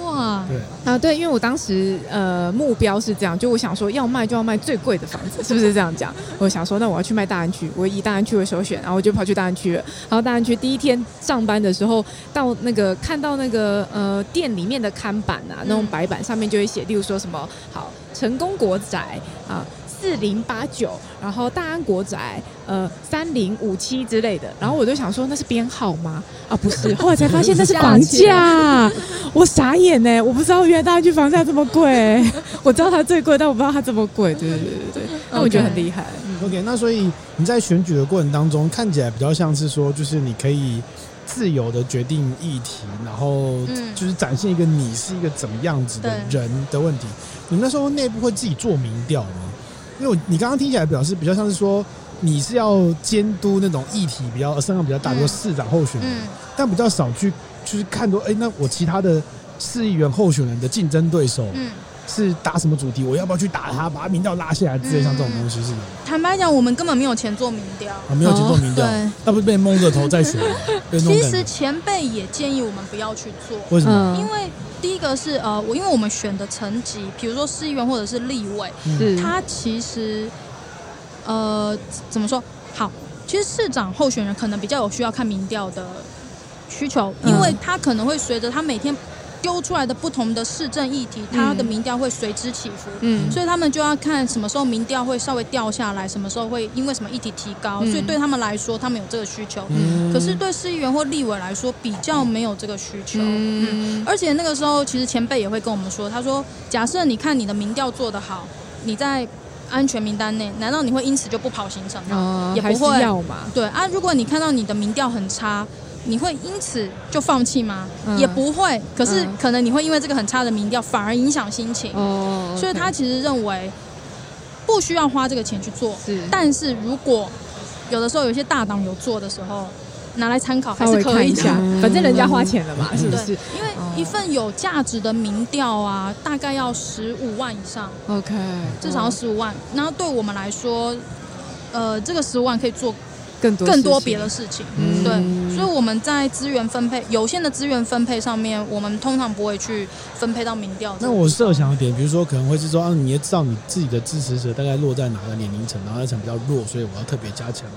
哇，對啊，對，因為我當時呃目標是這樣，就我想說要賣就要賣最貴的房子，是不是這樣講？ 我想說，那我要去賣大安區，我以大安區為首選，然後我就跑去大安區了。然後大安區第一天上班的時候，到那個看到那個呃店裡面的看板啊，那種白板上面就會寫，例如說什麼好成功國宅啊。四零八九，然後大安國宅，呃，三零五七之類的，然後我就想說那是編號嗎、嗯？啊，不是，後來才發現這是房價，我傻眼呢，我不知道原來大安區房價這麼貴， 我知道它最貴，但我不知道它這麼貴，對對對對對，那、okay. 我覺得很厲害。OK，那所以你在選舉的過程當中，看起來比較像是說，就是你可以自由的決定議題，然後就是展現一個你是一個怎麼樣子的人的問題。你那時候內部會自己做民調嗎？因為你剛剛聽起來表示比較像是說，你是要監督那種議題比較呃聲浪比較大，比如市長候選人，嗯嗯、但比較少去就是看多，哎、欸，那我其他的市議員候選人的競爭對手是打什麼主題，我要不要去打他，把他民調拉下來之類、嗯、像這種東西是嗎？坦白講，我們根本沒有錢做民調，啊，沒有錢做民調，oh，對，那不是被蒙着頭在選，其實前輩也建議我們不要去做，為什麼？Uh. 因為。第一個是呃，我因為我們選的層級，比如說市議員或者是立委，他其實呃怎麼說？好，其實市長候選人可能比較有需要看民調的需求，嗯，因為他可能會隨着他每天。丟出來的不同的市政議題，他的民調會隨之起伏，嗯，所以他們就要看什麼時候民調會稍微掉下來，什麼時候會因為什麼議題提高，嗯、所以對他們來說，他們有這個需求、嗯。可是對市議員或立委來說，比較沒有這個需求嗯。嗯，而且那個時候，其實前輩也會跟我們說，他說，假設你看你的民調做得好，你在安全名單內，難道你會因此就不跑行程嗎？哦、嗯，也不會，還是要吧？對啊，如果你看到你的民調很差。你會因此就放棄嗎、嗯？也不會。可是可能你會因為這個很差的民調反而影響心情。哦、okay。所以他其實認為，不需要花這個錢去做。是。但是如果有的時候有些大黨有做的時候，拿來參考還是可以的。反正人家花錢了嘛、嗯，是不是？因為一份有價值的民調啊，大概要十五萬以上。OK。至少要十五萬。那、哦、對我們來說，呃，這個十五萬可以做更更多別的事情、嗯，對，所以我們在資源分配有限的資源分配上面，我們通常不會去分配到民調。那我設想一點，比如說可能會是說，啊，你也知道你自己的支持者大概落在哪個年齡層，然後那層比較弱，所以我要特別加強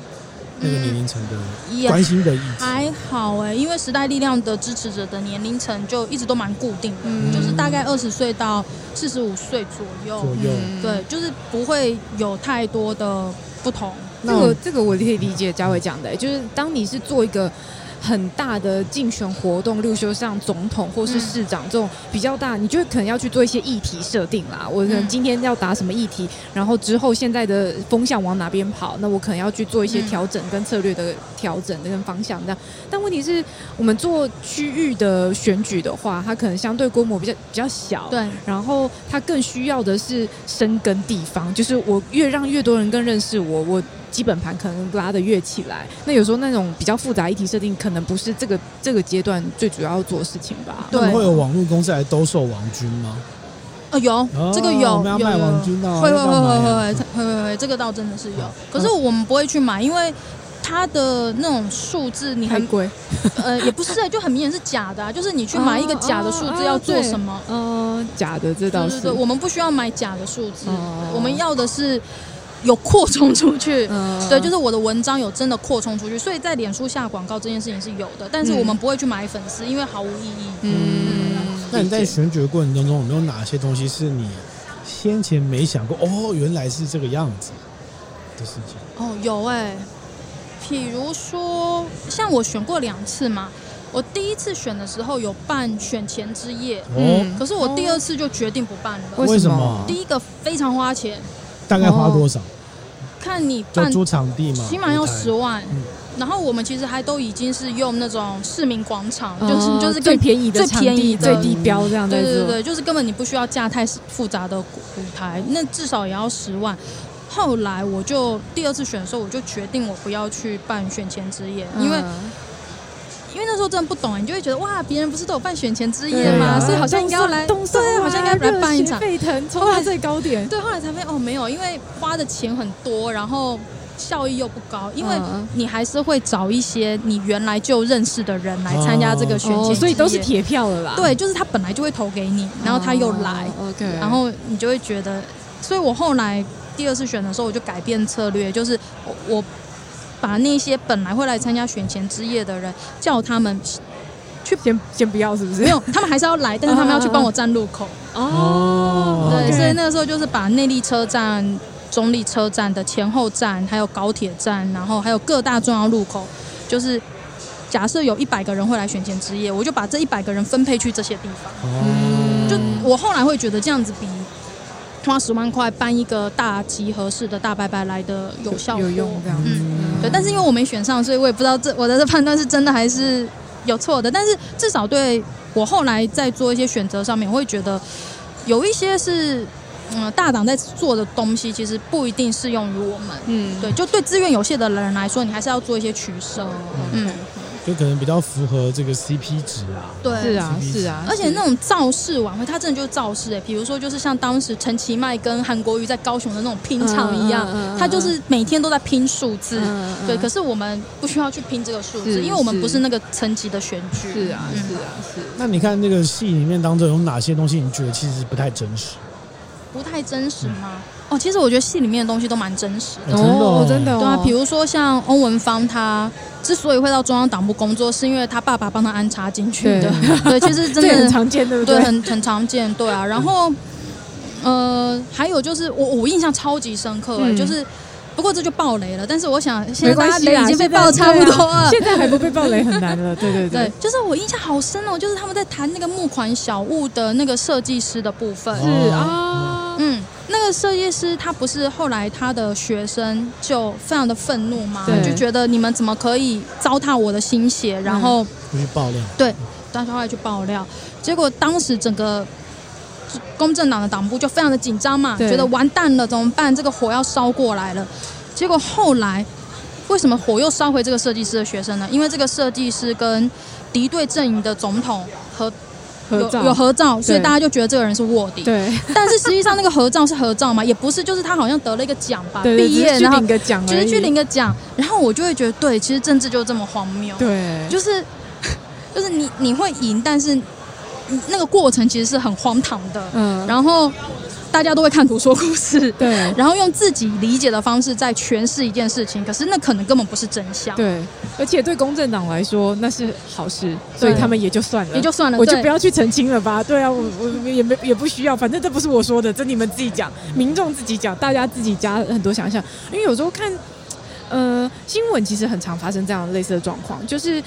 那個年齡層的、嗯、關心的意思。還好哎、欸，因為時代力量的支持者的年齡層就一直都蠻固定的、嗯，就是大概二十歲到四十五歲左右，左右、嗯，對，就是不會有太多的不同。No, 這個這個我可以理解，佳偉講的，就是當你是做一個很大的競選活動，例如像總統或是市長這種比較大，你就會可能要去做一些議題設定啦。我可能今天要打什麼議題，然後之後現在的風向往哪邊跑，那我可能要去做一些調整跟策略的調整跟方向這樣。但問題是我們做區域的選舉的話，它可能相對規模比較比較小，對。然後它更需要的是深耕地方，就是我越讓越多人更認識我，我。基本盤可能拉得越起來，那有時候那種比較複雜議題設定，可能不是這個這個階段最主要，要做事情吧。對。會有，有網絡公司來兜售網軍嗎？啊，有這個有、哦，我們要賣網軍的、啊，會要要、啊、會會會會會會會，這個倒真的是有、啊。可是我們不會去買，因為它的那種數字，你很貴。呃， 也不是、啊，就很明顯是假的。啊。就是你去買一個假的數字要做什麼？嗯、啊啊啊呃，假的這倒是對對對，我們不需要買假的數字、啊，我們要的是。有擴充出去、嗯，對，就是我的文章有真的擴充出去，所以在臉書下廣告這件事情是有的，但是我們不會去買粉絲，因為毫無意義。嗯，嗯嗯，那你在選舉的過程當中，有沒有哪些東西是你先前沒想過？哦，原來是這個樣子的事情。哦，有哎、欸，比如說，像我選過兩次嘛，我第一次選的時候有辦選前之夜，哦，可是我第二次就決定不辦了，為什麼？第一個非常花錢。大概花多少？哦、看你辦租場地嘛，起碼要十萬、嗯。然後我們其實還都已經是用那種市民廣場、哦，就是就是最便宜的、最便宜的、最低標這樣。對對對，就是根本你不需要架太複雜的舞台，嗯、那至少也要十萬。後來我就第二次選的時候，我就決定我不要去辦選前之夜、嗯，因為。因為那時候真的不懂、啊，你就會覺得哇，別人不是都有辦選前之夜嗎？啊、所以好像應該來凍蒜、啊，對，好像應該來辦一場，熱血沸騰，衝到最高點，對，後來才發現哦，沒有，因為花的錢很多，然後效益又不高，因為你還是會找一些你原來就認識的人來參加這個選前之夜、哦哦，所以都是鐵票的吧？對，就是他本來就會投給你，然後他又來、哦、，OK，然後你就會覺得，所以我後來第二次選的時候，我就改變策略，就是我。把那些本來會來參加選前之夜的人，叫他們去。先先不要，是不是？沒有，他們還是要來，但是他們要去幫我站路口。哦、oh, oh,，oh, oh. oh, 對，okay. 所以那個時候就是把內壢車站、中壢車站的前後站，還有高鐵站，然後還有各大重要路口，就是假設有一百個人會來選前之夜，我就把這一百個人分配去這些地方。Oh. 嗯，就我後來會覺得這樣子比花十萬塊辦一個大集合式的大拜拜來得有效有用，這樣子。嗯對，但是因為我沒選上，所以我也不知道這我的這判斷是真的還是有錯的。但是至少對我後來在做一些選擇上面，我會覺得有一些是嗯大黨在做的東西，其實不一定適用於我們。嗯，對，就對資源有限的人來說，你還是要做一些取捨。嗯。嗯就可能比較符合這個 CP 值啊，對，是啊，是啊，是，啊是啊，而且那種造勢晚會，它真的就是造勢哎、欸，比如說就是像當時陳其邁跟韓國瑜在高雄的那種拼場一樣，他、嗯、就是每天都在拼數字，嗯、對、嗯，可是我們不需要去拼這個數字，因為我們不是那個層級的選舉。是啊、嗯、是啊，是，啊是。那你看那個戲裡面當中有哪些東西，你覺得其實不太真實？不太真實嗎？嗯哦，其實我覺得戲裡面的東西都蠻真實的哦、oh, 啊，真的對、哦、啊，比如說像歐文芳，她之所以會到中央黨部工作，是因為她爸爸幫她安插進去的。對，對其實真的很常見，對不對？對很很常見，對啊。然後，呃，還有就是我我印象超級深刻、嗯，就是不過這就爆雷了。但是我想，現在大家已經被爆差不多了，現在還不被爆雷很難了。對對對，對，就是我印象好深哦，就是他們在談那個募款小物的那個設計師的部分。是、哦、啊、哦，嗯。這個設計師他不是後來他的學生就非常的憤怒嗎？就覺得你們怎麼可以糟蹋我的心血，嗯、然後去爆料。對，但是後來就爆料，結果當時整個公正黨的黨部就非常的緊張嘛，覺得完蛋了怎麼辦？這個火要燒過來了。結果後來為什麼火又燒回這個設計師的學生呢？因為這個設計師跟敵對陣營的總統和。有有合照，所以大家就覺得這個人是臥底。對，但是實際上那個合照是合照嗎？也不是，就是他好像得了一個獎吧，對對，畢業然後只是去領個獎，就是，去領個獎。然後我就會覺得，對，其實政治就這麼荒謬。對，就是就是你你會贏，但是那個過程其實是很荒唐的。嗯，然後。大家都會看圖說故事，對，然後用自己理解的方式在詮釋一件事情，可是那可能根本不是真相。對，而且對公正黨來說那是好事，所以他們也就算了，也就算了，我就不要去澄清了吧。對，對啊，我我也沒 也不需要，反正這不是我說的，這你們自己講，民眾自己講，大家自己加很多想象。因為有時候看，呃，新聞其實很常發生這樣類似的狀況，就是。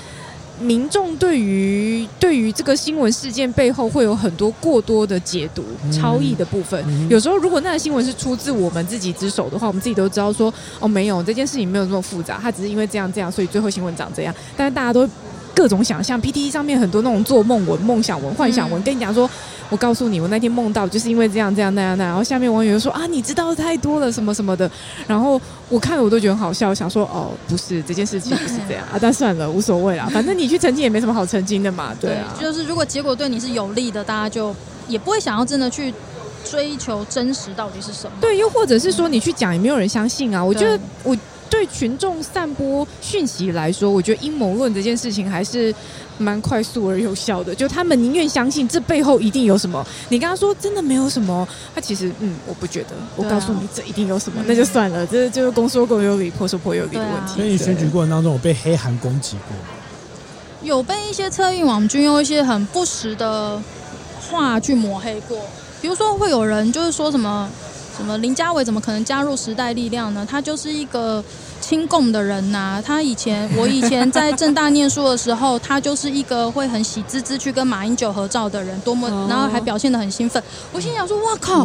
民眾對於對於這個新聞事件背後會有很多過多的解讀、嗯、超意的部分。嗯、有時候，如果那個新聞是出自我們自己之手的話，我們自己都知道說，哦，沒有這件事情沒有這麼複雜，它只是因為這樣這樣，所以最後新聞長這樣。但是大家都。各種想象 PTT 上面很多那種做夢文、夢想文、幻想文。嗯、跟你講說，我告訴你，我那天夢到就是因為這樣、這樣、那樣、那樣。然後下面網友就說啊，你知道的太多了，什麼什麼的。然後我看了我都覺得很好笑，想說哦，不是這件事情不是這樣 啊。但算了，無所謂啦，反正你去澄清也沒什麼好澄清的嘛，對啊，對。就是如果結果對你是有利的，大家就也不會想要真的去追求真實到底是什麼。對，又或者是說你去講也沒有人相信啊。我覺得我。對群眾散播訊息來說，我覺得陰謀論這件事情還是蠻快速而有效的。就他們寧願相信這背後一定有什麼，你跟他說真的沒有什麼，他其實嗯，我不覺得。我告訴你，這一定有什麼，啊、那就算了、嗯。這就是公說公有理，婆說婆有理的問題。所以選舉過程當中我被黑函攻擊過，有被一些側翼網軍用一些很不實的話去抹黑過，比如說會有人就是說什麼。什麼？林佳瑋怎麼可能加入時代力量呢？他就是一個親共的人吶、啊。他以前，我以前在政大念書的時候，他就是一個會很喜滋滋去跟馬英九合照的人，多麼，哦、然後還表現得很興奮。我心想說：，哇靠，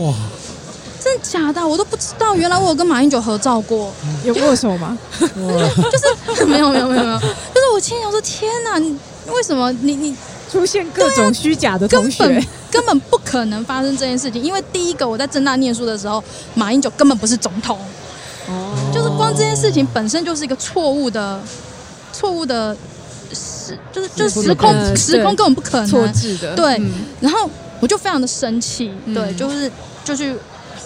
真的假的？我都不知道，原來我有跟馬英九合照過，嗯、有握手嗎？ 就是沒有，沒有，沒有，沒有， 就是我心想說：，天吶、啊，你為什麼你你？你出現各種虛假的、啊、根本 根本不可能發生這件事情。因為第一個，我在正大念書的時候，馬英九根本不是總統。哦，就是光這件事情本身就是一個錯誤的，錯誤的時就是就是、時空、嗯嗯、時空根本不可能錯置的。對、嗯，然後我就非常的生氣，對，嗯、就是就去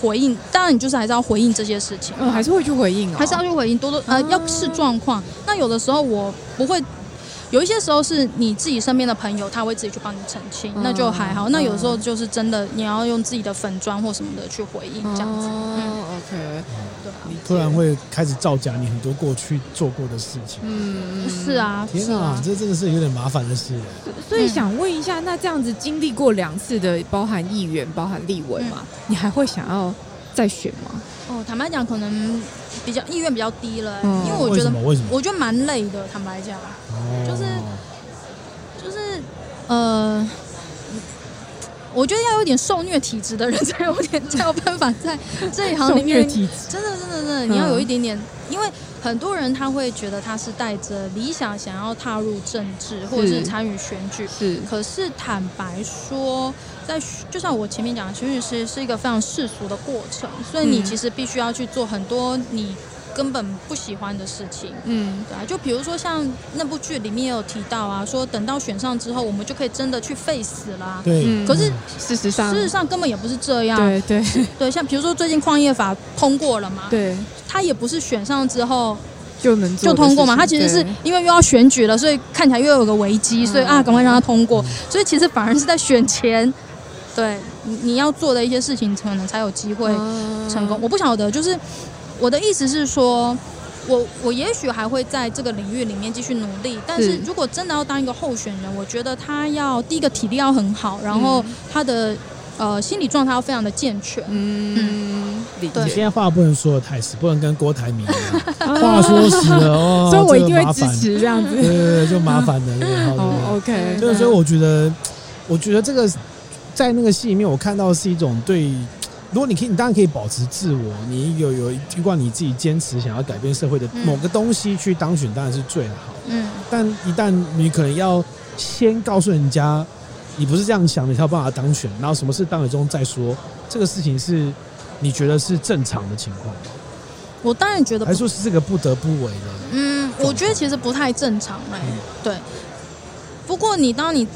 回應。當然，你就是還是要回應這些事情。我、嗯、還是會去回應啊、哦，還是要去回應，多多呃，啊、要視狀況。那有的時候我不會。有一些時候是你自己身邊的朋友，他會自己去幫你澄清，嗯，那就還好。那有時候就是真的，你要用自己的粉專或什麼的去回應這樣子。哦，嗯嗯嗯、OK，對、啊。你突然會開始造假，你很多過去做過的事情。嗯，是啊，天哪啊，啊，這真的是有點麻煩的事。所以想問一下，那這樣子經歷過兩次的，包含議員、包含立委嘛？嗯，你還會想要？再選嗎？哦，坦白講，可能比較意願比較低了、嗯，因為我覺得，我覺得蠻累的。坦白講、哦，就是就是，呃。我覺得要有點受虐體質的人，才有點才有辦法在這一行裡面。受虐體質。真的真的真的，真的，嗯，你要有一點點，因為很多人他會覺得他是帶着理想想要踏入政治或者是參與選舉。可是坦白說，在就像我前面講的，選舉其實是一個非常世俗的過程，所以你其實必須要去做很多你。嗯根本不喜歡的事情，嗯，對啊，就比如說像那部劇裡面也有提到啊，說等到選上之後，我們就可以真的去廢死啦、啊。對，嗯、可是事實上，事實上根本也不是這樣。對對對，像比如說最近礦業法通過了嘛，對，他也不是選上之後就能做就通過嘛，他其實是因為又要選舉了，所以看起來又有個危機、嗯，所以啊，趕快讓他通過、嗯。所以其實反而是在選前，對，你，你要做的一些事情，可能才有機會成功。嗯、我不曉得，就是。我的意思是說，我我也許還會在這個領域裡面繼續努力，但是如果真的要當一個候選人，我覺得他要第一個體力要很好，然後他的、嗯、呃心理狀態要非常的健全。嗯，你現在話不能說的太死，不能跟郭台銘、啊。 話說死實了 哦，所以我一定會支持這樣子。這個、麻對對對，就麻煩了。OK。 對以、oh, okay, 所以我覺得，嗯、我覺得這個在那個戲裡面，我看到是一種對。如果你可以，你當然可以保持自我。你有有如果你自己堅持想要改變社會的某個東西去當選，嗯、當然是最好。嗯。但一旦你可能要先告訴人家，你不是這樣想，你才有辦法當選。然後什麼事當選中再說，這個事情是你覺得是正常的情況嗎？我當然覺得。還說是這個不得不為的。嗯，我覺得其實不太正常哎、欸嗯。對。不過你當你，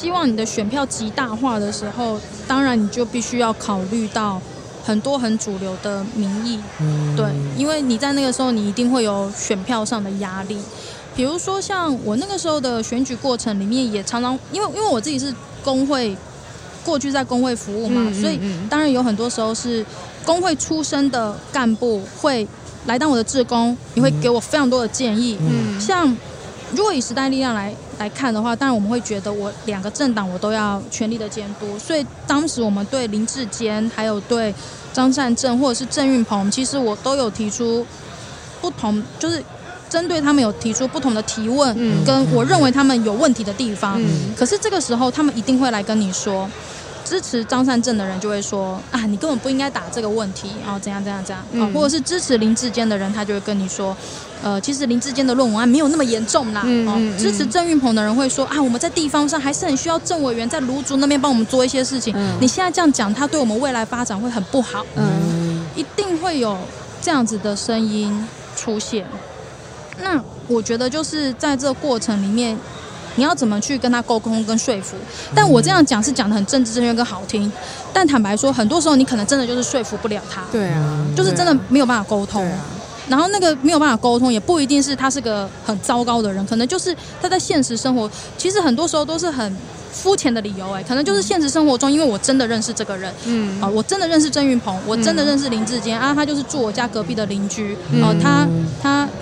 希望你的選票極大化的時候，當然你就必須要考慮到很多很主流的民意，嗯，對，因為你在那個時候你一定會有選票上的壓力。比如說像我那個時候的選舉過程裡面，也常常因為因為我自己是工會，過去在工會服務嘛，嗯、所以當然有很多時候是工會出身的幹部會來當我的志工，嗯，你會給我非常多的建議，嗯嗯，像。如果以時代力量來來看的話，當然我們會覺得我兩個政黨我都要全力的監督，所以當時我們對林智堅，還有對張善政或者是鄭運鵬，其實我都有提出不同，就是針對他們有提出不同的提問，嗯，跟我認為他們有問題的地方。嗯。可是這個時候，他們一定會來跟你說。支持張善政的人就會說啊，你根本不應該打這個問題，然、哦、後怎樣怎樣怎樣啊、嗯哦，或者是支持林智堅的人，他就會跟你說，呃，其實林智堅的論文案，沒有那麼嚴重啦，嗯，哦、嗯嗯，支持鄭運鵬的人會說啊，我們在地方上還是很需要鄭委員在蘆竹那邊幫我們做一些事情、嗯，你現在這樣講，他對我們未來發展會很不好，嗯，嗯，一定會有這樣子的聲音出現，那我覺得就是在這個過程裡面。你要怎麼去跟他溝通跟說服？但我這樣講是講得很政治正確跟好聽，但坦白說，很多時候你可能真的就是說服不了他。對啊，就是真的沒有辦法溝通、啊啊、然後那個沒有辦法溝通，也不一定是他是個很糟糕的人，可能就是他在現實生活，其實很多時候都是很膚淺的理由哎，可能就是現實生活中，因為我真的認識這個人，嗯，啊、呃，我真的認識鄭運鵬，我真的認識林智堅、嗯、啊，他就是住我家隔壁的鄰居，呃，嗯、他。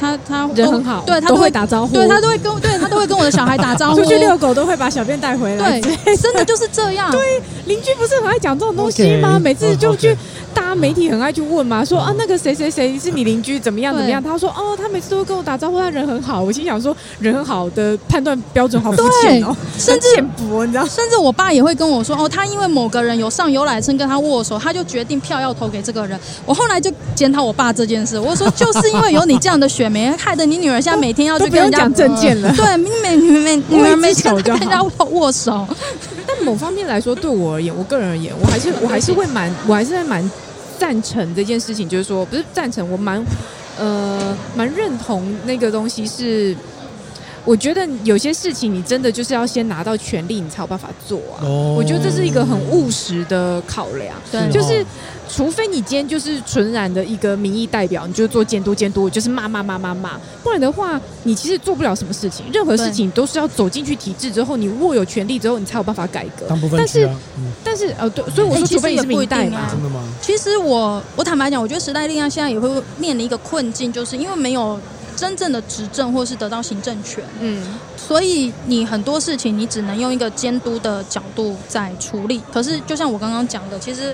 他他人很好，oh, 對他都會，都會打招呼，對他都會跟，對他都會跟我的小孩打招呼， 出去遛狗都會把小便帶回來，對，真的就是這樣。對，鄰居不是很愛講這種東西嗎？Okay. 每次就去打。媒體很愛去問嘛，說啊，那個誰誰誰是你鄰居怎麼樣怎麼樣？他說哦，他每次都會跟我打招呼，他人很好。我心想說，人很好的判斷標準好不淺哦，對甚至不，甚至我爸也會跟我說哦，他因為某個人有上遊覽車跟他握手，他就決定票要投給這個人。我後來就檢討我爸這件事，我說，就是因為有你這樣的選民， 害得你女兒現在每天要去跟人家。 講政見了，哦，對，你每你每女兒每天跟人家握手。但某方面來說，對我而言，我個人而言，我還是我還是會蠻我還是蠻。贊成這件事情，就是說，不是贊成，我蠻，呃，蠻認同那個東西是。我覺得有些事情你真的就是要先拿到權力，你才有辦法做啊。我覺得這是一個很務實的考量，對，就是除非你今天就是純然的一個民意代表，你就做監督監督，就是罵罵罵罵罵，不然的話你其實做不了什麼事情。任何事情都是要走進去體制之後，你握有權力之後，你才有辦法改革。但是，但是呃、啊，對，所以我說除非你是民意代嘛。真的嗎？其實我我坦白講，我覺得時代力量現在也會面臨一個困境，就是因為沒有。真正的執政，或是得到行政權，嗯，所以你很多事情，你只能用一個監督的角度在處理。可是，就像我剛剛講的，其實，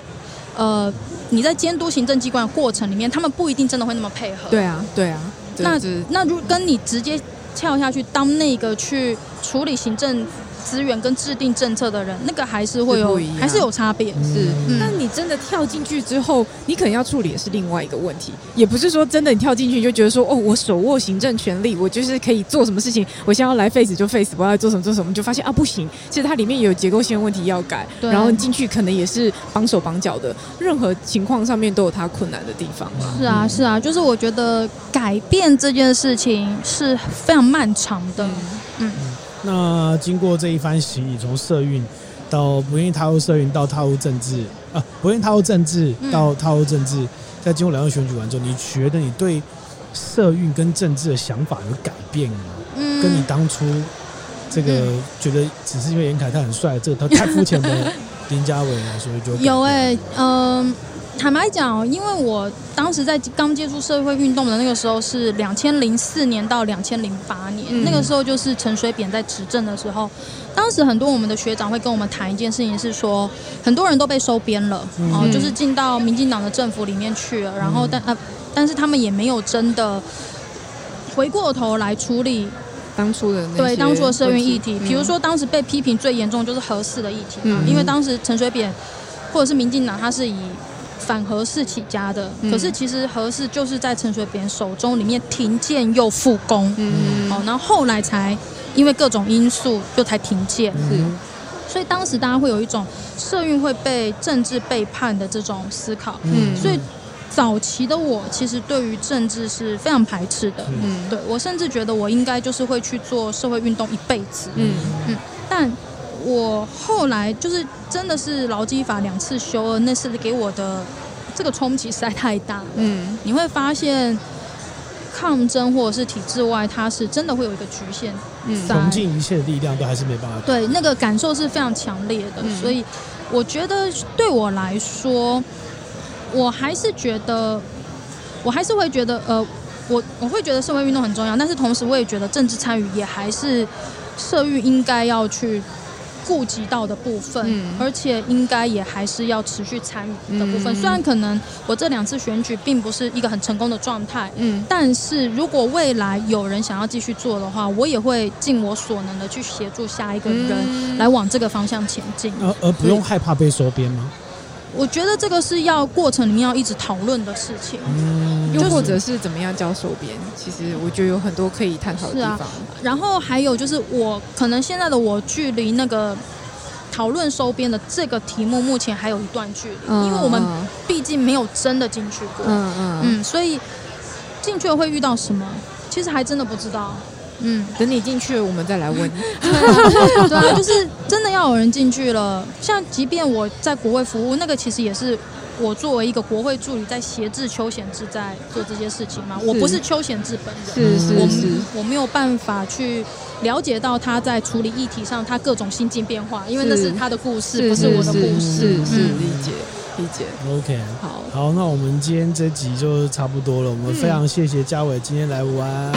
呃，你在監督行政機關的過程裡面，他們不一定真的會那麼配合。對啊，對啊。對那、就是、那如果你直接跳下去當那個去處理行政。資源跟制定政策的人，那個還是會有，是還是有差別。是、嗯嗯，但你真的跳進去之後，你可能要處理的是另外一個問題。也不是說真的你跳進去就覺得說，哦，我手握行政權力，我就是可以做什麼事情。我現在要來 face 就 face，我要做什麼做什麼，你就發現啊，不行。其實它裡面有結構性問題要改，啊、然後你進去可能也是綁手綁腳的，任何情況上面都有它困難的地方。是啊，是啊、嗯，就是我覺得改變這件事情是非常漫長的。嗯。嗯那經過這一番洗禮，你從社運到不願意踏入社運，到踏入政治啊，不願意踏入政治，到踏入政治，嗯、在經過兩個選舉完之後，你覺得你對社運跟政治的想法有改變嗎？嗯，跟你當初這個覺得只是因為嚴凱他很帥，嗯，這個他太膚淺的林佳瑋，所以就有哎、欸，嗯。坦白講，因為我當時在剛接觸社會運動的那個時候是兩千零四年到兩千零八年、嗯，那個時候就是陳水扁在執政的時候，當時很多我們的學長會跟我們談一件事情，是說很多人都被收編了，哦、嗯，就是進到民進黨的政府裡面去了，嗯、然後但呃，但是他們也沒有真的回過頭來處理當初的那對當初的社運議題、嗯，比如說當時被批評最嚴重就是核四的議題嗯，嗯，因為當時陳水扁或者是民進黨他是以反核四起家的，嗯，可是其實核四就是在陳水扁手中裡面停建又復工，嗯，然後後來才因為各種因素就才停建，嗯，所以當時大家會有一種社運會被政治背叛的這種思考，嗯，所以早期的我其實對於政治是非常排斥的，嗯，對，我甚至覺得我應該就是會去做社會運動一輩子，嗯嗯，嗯，但。我後來就是真的是勞基法兩次修，那次給我的這個衝擊實在太大。嗯，你會發現抗爭或者是體制外，它是真的會有一個局限，窮盡的一切力量都還是沒辦法。對，那個感受是非常強烈的，嗯。所以我覺得對我來說，我還是覺得，我還是會覺得，呃，我我會覺得社會運動很重要，但是同時我也覺得政治參與也還是社運應該要去。顧及到的部分，嗯，而且應該也還是要持續參與的部分，嗯。雖然可能我這兩次選舉並不是一個很成功的狀態，嗯，但是如果未來有人想要繼續做的話，我也會盡我所能的去協助下一個人來往這個方向前進。而而不用害怕被收編嗎？我覺得這個是要過程裡面要一直討論的事情。嗯又、就是、或者是怎麼樣叫收編，其實我覺得有很多可以探討的地方是、啊。然後還有就是我，我可能現在的我距離那個討論收編的這個題目，目前還有一段距離、嗯，因為我們畢竟沒有真的進去過。嗯嗯嗯，所以進去了會遇到什麼，其實還真的不知道。嗯，等你進去，我們再來問你 對、啊。對啊，就是真的要有人進去了。像即便我在國外服務，那個其實也是。我作為一個國會助理，在協助邱顯智在做這些事情嘛，我不是邱顯智本人，是是、嗯、是，我沒有辦法去了解到他在處理議題上，他各種心境變化，因為那是他的故事，是是不是我的故事，是,是,是、嗯、理解理解。OK，好,好，好，那我們今天這集就差不多了，嗯、我們非常謝謝嘉偉今天來玩，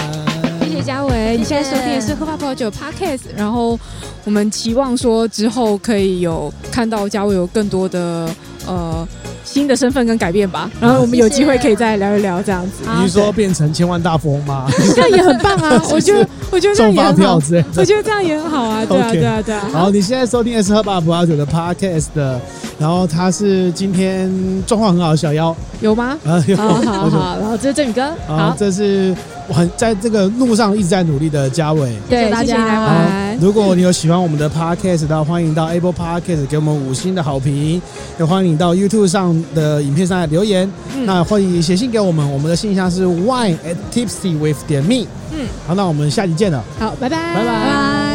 謝謝嘉偉，你現在收聽的是喝吧葡萄酒 Podcast 然後我們期望說之後可以有看到嘉偉有更多的呃。新的身份跟改變吧，然後我們有機會可以再聊一聊這樣子。你是說變成千萬大富翁嗎？這樣也很棒啊！我覺得我覺得這樣也很好啊！對啊對啊對啊！好，你現在收聽的是喝吧葡萄酒的 Podcast 然後他是今天狀況很好的小妖，有嗎？啊，有，oh, 好好好，好。然後這是鄭宇哥，好，這是我很在這個路上一直在努力的佳瑋，對，謝謝大家，好。如果你有喜歡我們的 podcast，那歡迎到 Apple Podcast 給我們五星的好評，也歡迎你到 YouTube 上的影片上來留言，嗯、那歡迎寫信給我們，我們的信箱是 wine at tipsy with 點 me，嗯，好，那我們下集見了，好，拜拜，拜拜。拜拜。